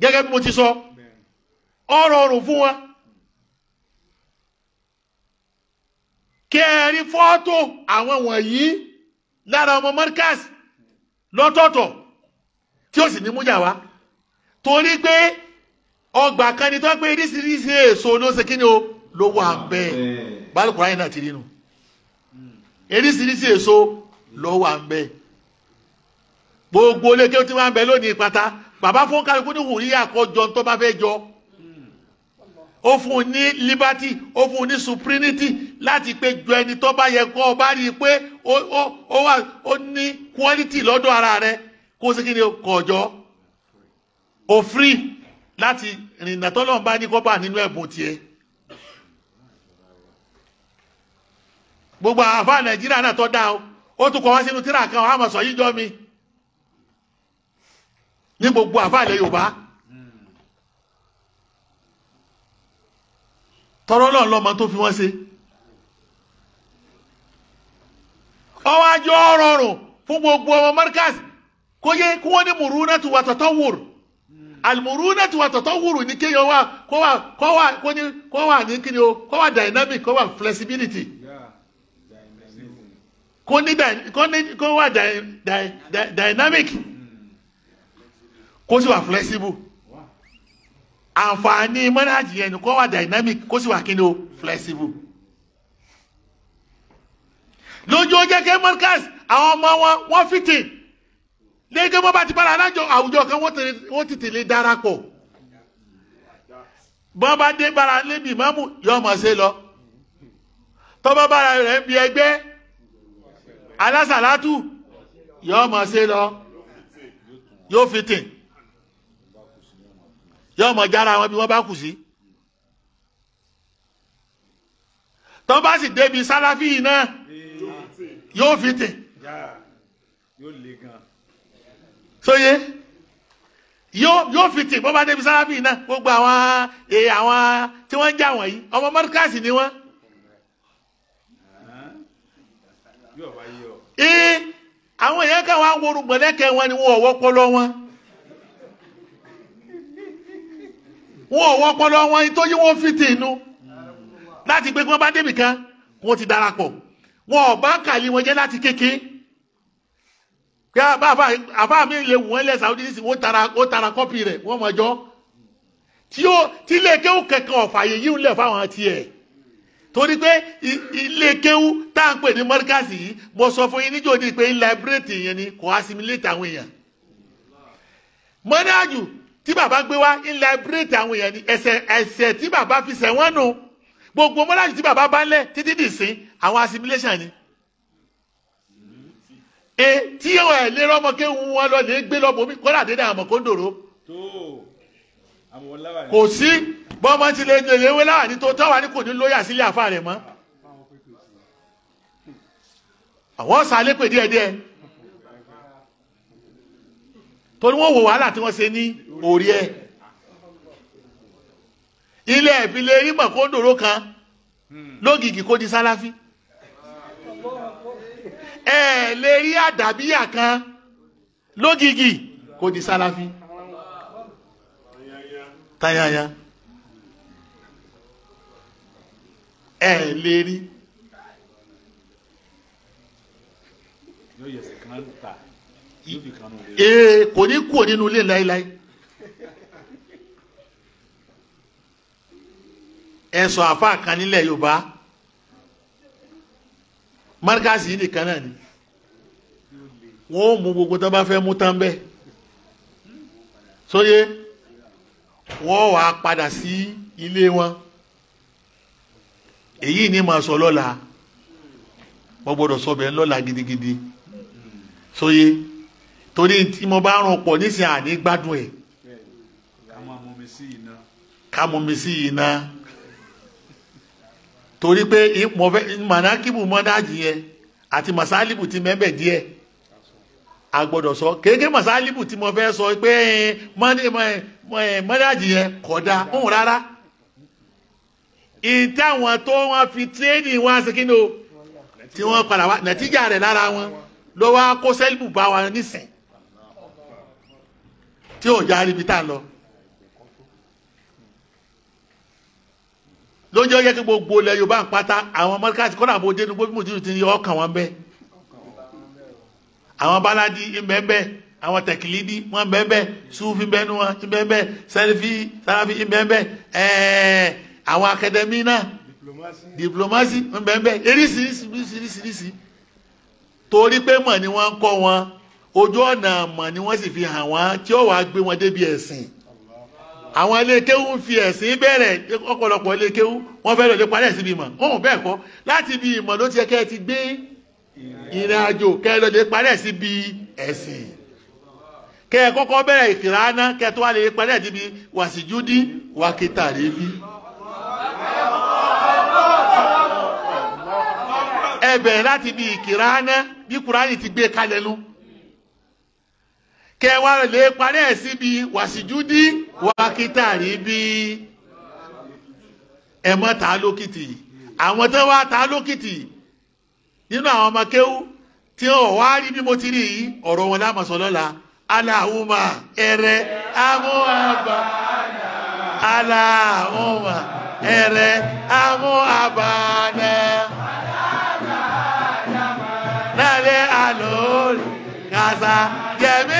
gẹ́gẹ́ bí mo ti sọ ọ̀rọ̀ ọ̀rùn fún wọn. kẹrin fọ́tò àwọn wọ̀nyí lára ọmọ Markaz lọ́tọ̀ọ̀tọ̀ tí ó sì ní mújà wá torí pé ọgbà kan ni tó pé oríṣiríṣi èso ló ṣe kíni o ló wà bẹ́ẹ̀ bálùkù ráyìn náà ti rí nu oríṣiríṣi èso ló wà bẹ́ẹ̀ gbogbo olóògbé tí wọ́n á bẹ lónìí pátá bàbá fún kálukú ní wùrí àkọjọ tó bá fẹ́ jọ. ó fún un ní liberty ó fún un ní supremacy láti pé ju ẹni tó bá yẹ kó o bá rí i pé ó wà ó ní quality lọ́dọ̀ ara rẹ kó o sì kí ni o free láti rìnnà bá ní kó bá nínú ẹ̀bùn gbogbo àfa nàìjíríà náà tó o ó tún kọ wá sínú tíra kan sọ yíjọ́ mi ní gbogbo tọrọ Ọlọ́run lọmọ tó fi wọ́n ṣe ọwọ́ ajọ́ rọrùn fún gbogbo ọmọ Markaz kó yẹ kí wọ́n ní mùrúnà tó wà tọ̀tọ̀ wùrù àlùmùrúnà tó wà tọ̀tọ̀ wùrù ní kéèyàn wà kó wà kó wà kó ní kó wà ní kí ni o kó wà dynamic kó wà flexibility kó ní kó ní kó wà dynamic kó sì wà flexible àǹfààní mọ́nájì yẹn kó wà dynamic kó sì wà kíni o flexible lójú ó jẹ́ kí mọ́rkàs àwọn ọmọ wọn wọ́n fìtì lẹ́gbẹ́ bọ́ bá ti bára alájọ àwùjọ kan wọ́n tètè lè darapọ̀ bọ́n bá dé bára lébi ìmáàmù yọ ọmọ ṣe lọ tọ́bọ́ bára rẹ̀ ń bi ẹgbẹ́ alásàlátù yọ ọmọ ṣe lọ yóò fìtì yóò mọ jára wọn bí wọ́n bá kù sí. tó bá sì débi sáláfì yìí náà yóò fi tè. sóye yóò fi tè bó bá débi sáláfì yìí náà gbogbo àwọn e, àwọn tí wọ́n ń jà wọ̀nyí ọmọ mọ́ríkàsì ni wọ́n. ee àwọn èèyàn kan wá ń worùgbọ̀n lẹ́kẹ̀ẹ́ wọn ni wọ́n ọ̀wọ́ pọ́lọ́ wọn. wọn ò wọ́n ọpọlọ wọn yìí tó yí wọn fìtì inú láti pé kí wọ́n bá débì kan wọ́n ti darapọ̀ wọn ò bá kàyí wọn jẹ́ láti kéke pé àbá mi lè wù wọ́n lẹ̀ Saudi nísìnyí wọ́n tara kọ́pì rẹ̀ wọ́n mọ̀ jọ́ tí ó tí ilé kéwù kankan ọ̀fàyè yìí ń lẹ̀ fáwọn tiẹ̀ torí pé ilé kéwù tá à ń pè ní mọ́ríkàsì yìí mo sọ fún yín níjọ́ ni pé ń liberate yẹn ni kò assimilate àwọn èèyàn mọ́nájú tí bàbá gbé wá ń liberate àwọn èèyàn ni ẹsẹ̀ ẹsẹ̀ tí bàbá fi sẹ̀ wọ́n nù gbogbo mọ́lájì tí bàbá bá ń lẹ̀ títí dì sí àwọn assimilation ni. e tí ọ̀ ẹ̀ lé rọ́mọké wọn lọ lè gbé lọ́bọ̀ mi kọ́lá dédé àmọ̀ kó ń dòrò. kò sí bọ́mọ ti lè yẹ̀yẹ̀ ewé láwàní tó tọ́wà ní kò ní lóyà sílé àfa rẹ̀ mọ́. àwọn sàlẹ̀ pè díẹ̀díẹ̀ torí wọ́n wò wàhálà tí wọ́n ṣe ní orí ẹ̀ ilé ìfilé rímọ̀ kó dòró kan lógìkì kó di sáláfí ẹ lè rí àdàbíyà kan lógìkì kó di sáláfí tayaya ẹ lè rí ee kò ní kúrò nínú ilé láéláé ẹ sọ àfáà kan nílẹ̀ Yorùbá márkàsì yìí nìkan náà ni wọn ò mú gbogbo tó bá fẹ́ mú tán bẹ́ẹ̀ sóye wọn wà á padà sí ilé wọn èyí ni màá sọ lọ́la wọ́n gbọ́dọ̀ sọ bẹ́ẹ̀ lọ́la gidigidi sóye. So torí tí mo bá rún pọ̀ nísìnyí àní gbádùn ẹ̀ ká mú mi sí iná torí pé mọ̀nákìbù mọ́dájì yẹn àti màsálìbù ti mẹ́bẹ̀ díẹ̀ a gbọ́dọ̀ sọ kéèké màsálìbù tí mo fẹ́ sọ pé mọ́dájì yẹn kódà òun rárá ìtẹ́ àwọn tó wọ́n fi tírénì wọn ṣe kí ni o tí wọ́n padà wá nàtíjà rẹ̀ lára wọn ló wá sẹ́lìbù bá wa nísìn tí ò já ríbi tá a lọ. lóúnjẹ ó yẹ kí gbogbo ilẹ̀ Yorùbá ń pátá àwọn mọ́tíkàtì kọ́nà àbò dénú gbogbo ìmọ̀ tí ó kàn wọ́n bẹ́ àwọn báládì ìmẹ́ńbẹ́ àwọn tẹ̀kìlídì wọ́n bẹ́ẹ̀ sùfì bẹ́ẹ̀nu wọn ìmẹ́ńbẹ́ sẹ́lifí sàràfì ìmẹ́ńbẹ́ ẹ̀ẹ́ àwọn akadẹ́mí náà diplomasi ìmẹ́ńbẹ́ eríṣiríṣiríṣiríṣi torí pé mọ̀ ni wọ́n ń kọ́ wọn ojú ọ̀nà àmọ̀ ni wọ́n sì fi hàn wọ́n tí ó wàá gbé wọn débi ẹ̀sìn àwọn iléekéwú ń fi ẹ̀sìn bẹ̀rẹ̀ ọ̀pọ̀lọpọ̀ iléekéwú wọ́n fẹ́ lọ́ọ́ parẹ́ síbi ìmọ̀ ọ̀hún bẹ́ẹ̀ kọ́ láti ibi ìmọ̀ ló ti yẹ kẹ́ ẹ ti gbé ìrìn àjò kẹ́ ẹ lọ́ọ́ parẹ́ síbi ẹ̀sìn kẹ́ ẹ kọ́kọ́ bẹ̀rẹ̀ ìkìláná kẹ́ ẹ tó wà lè parẹ́ síbi wàsíjúdí wàkítàrẹ́bí. ẹ bẹ̀rẹ̀ láti ibi ìkìláná bí kúránì ti gbé kalẹ̀ lu kẹwàá lè parí ẹ̀ síbi wàsíjúdí wákítà rí bí ẹ̀mọ́ ta lókìtì àwọn tó wá ta lókìtì nínú àwọn ọmọ kéwú tí wọn wá rí bí mo ti rí yìí ọ̀rọ̀ wọn lámọ̀sán lọ́la aláhùnmá ẹrẹ amóhàbà aláhùnmá ẹrẹ amóhàbà náà lálẹ́ àlóòrè kàṣà jẹ̀mí.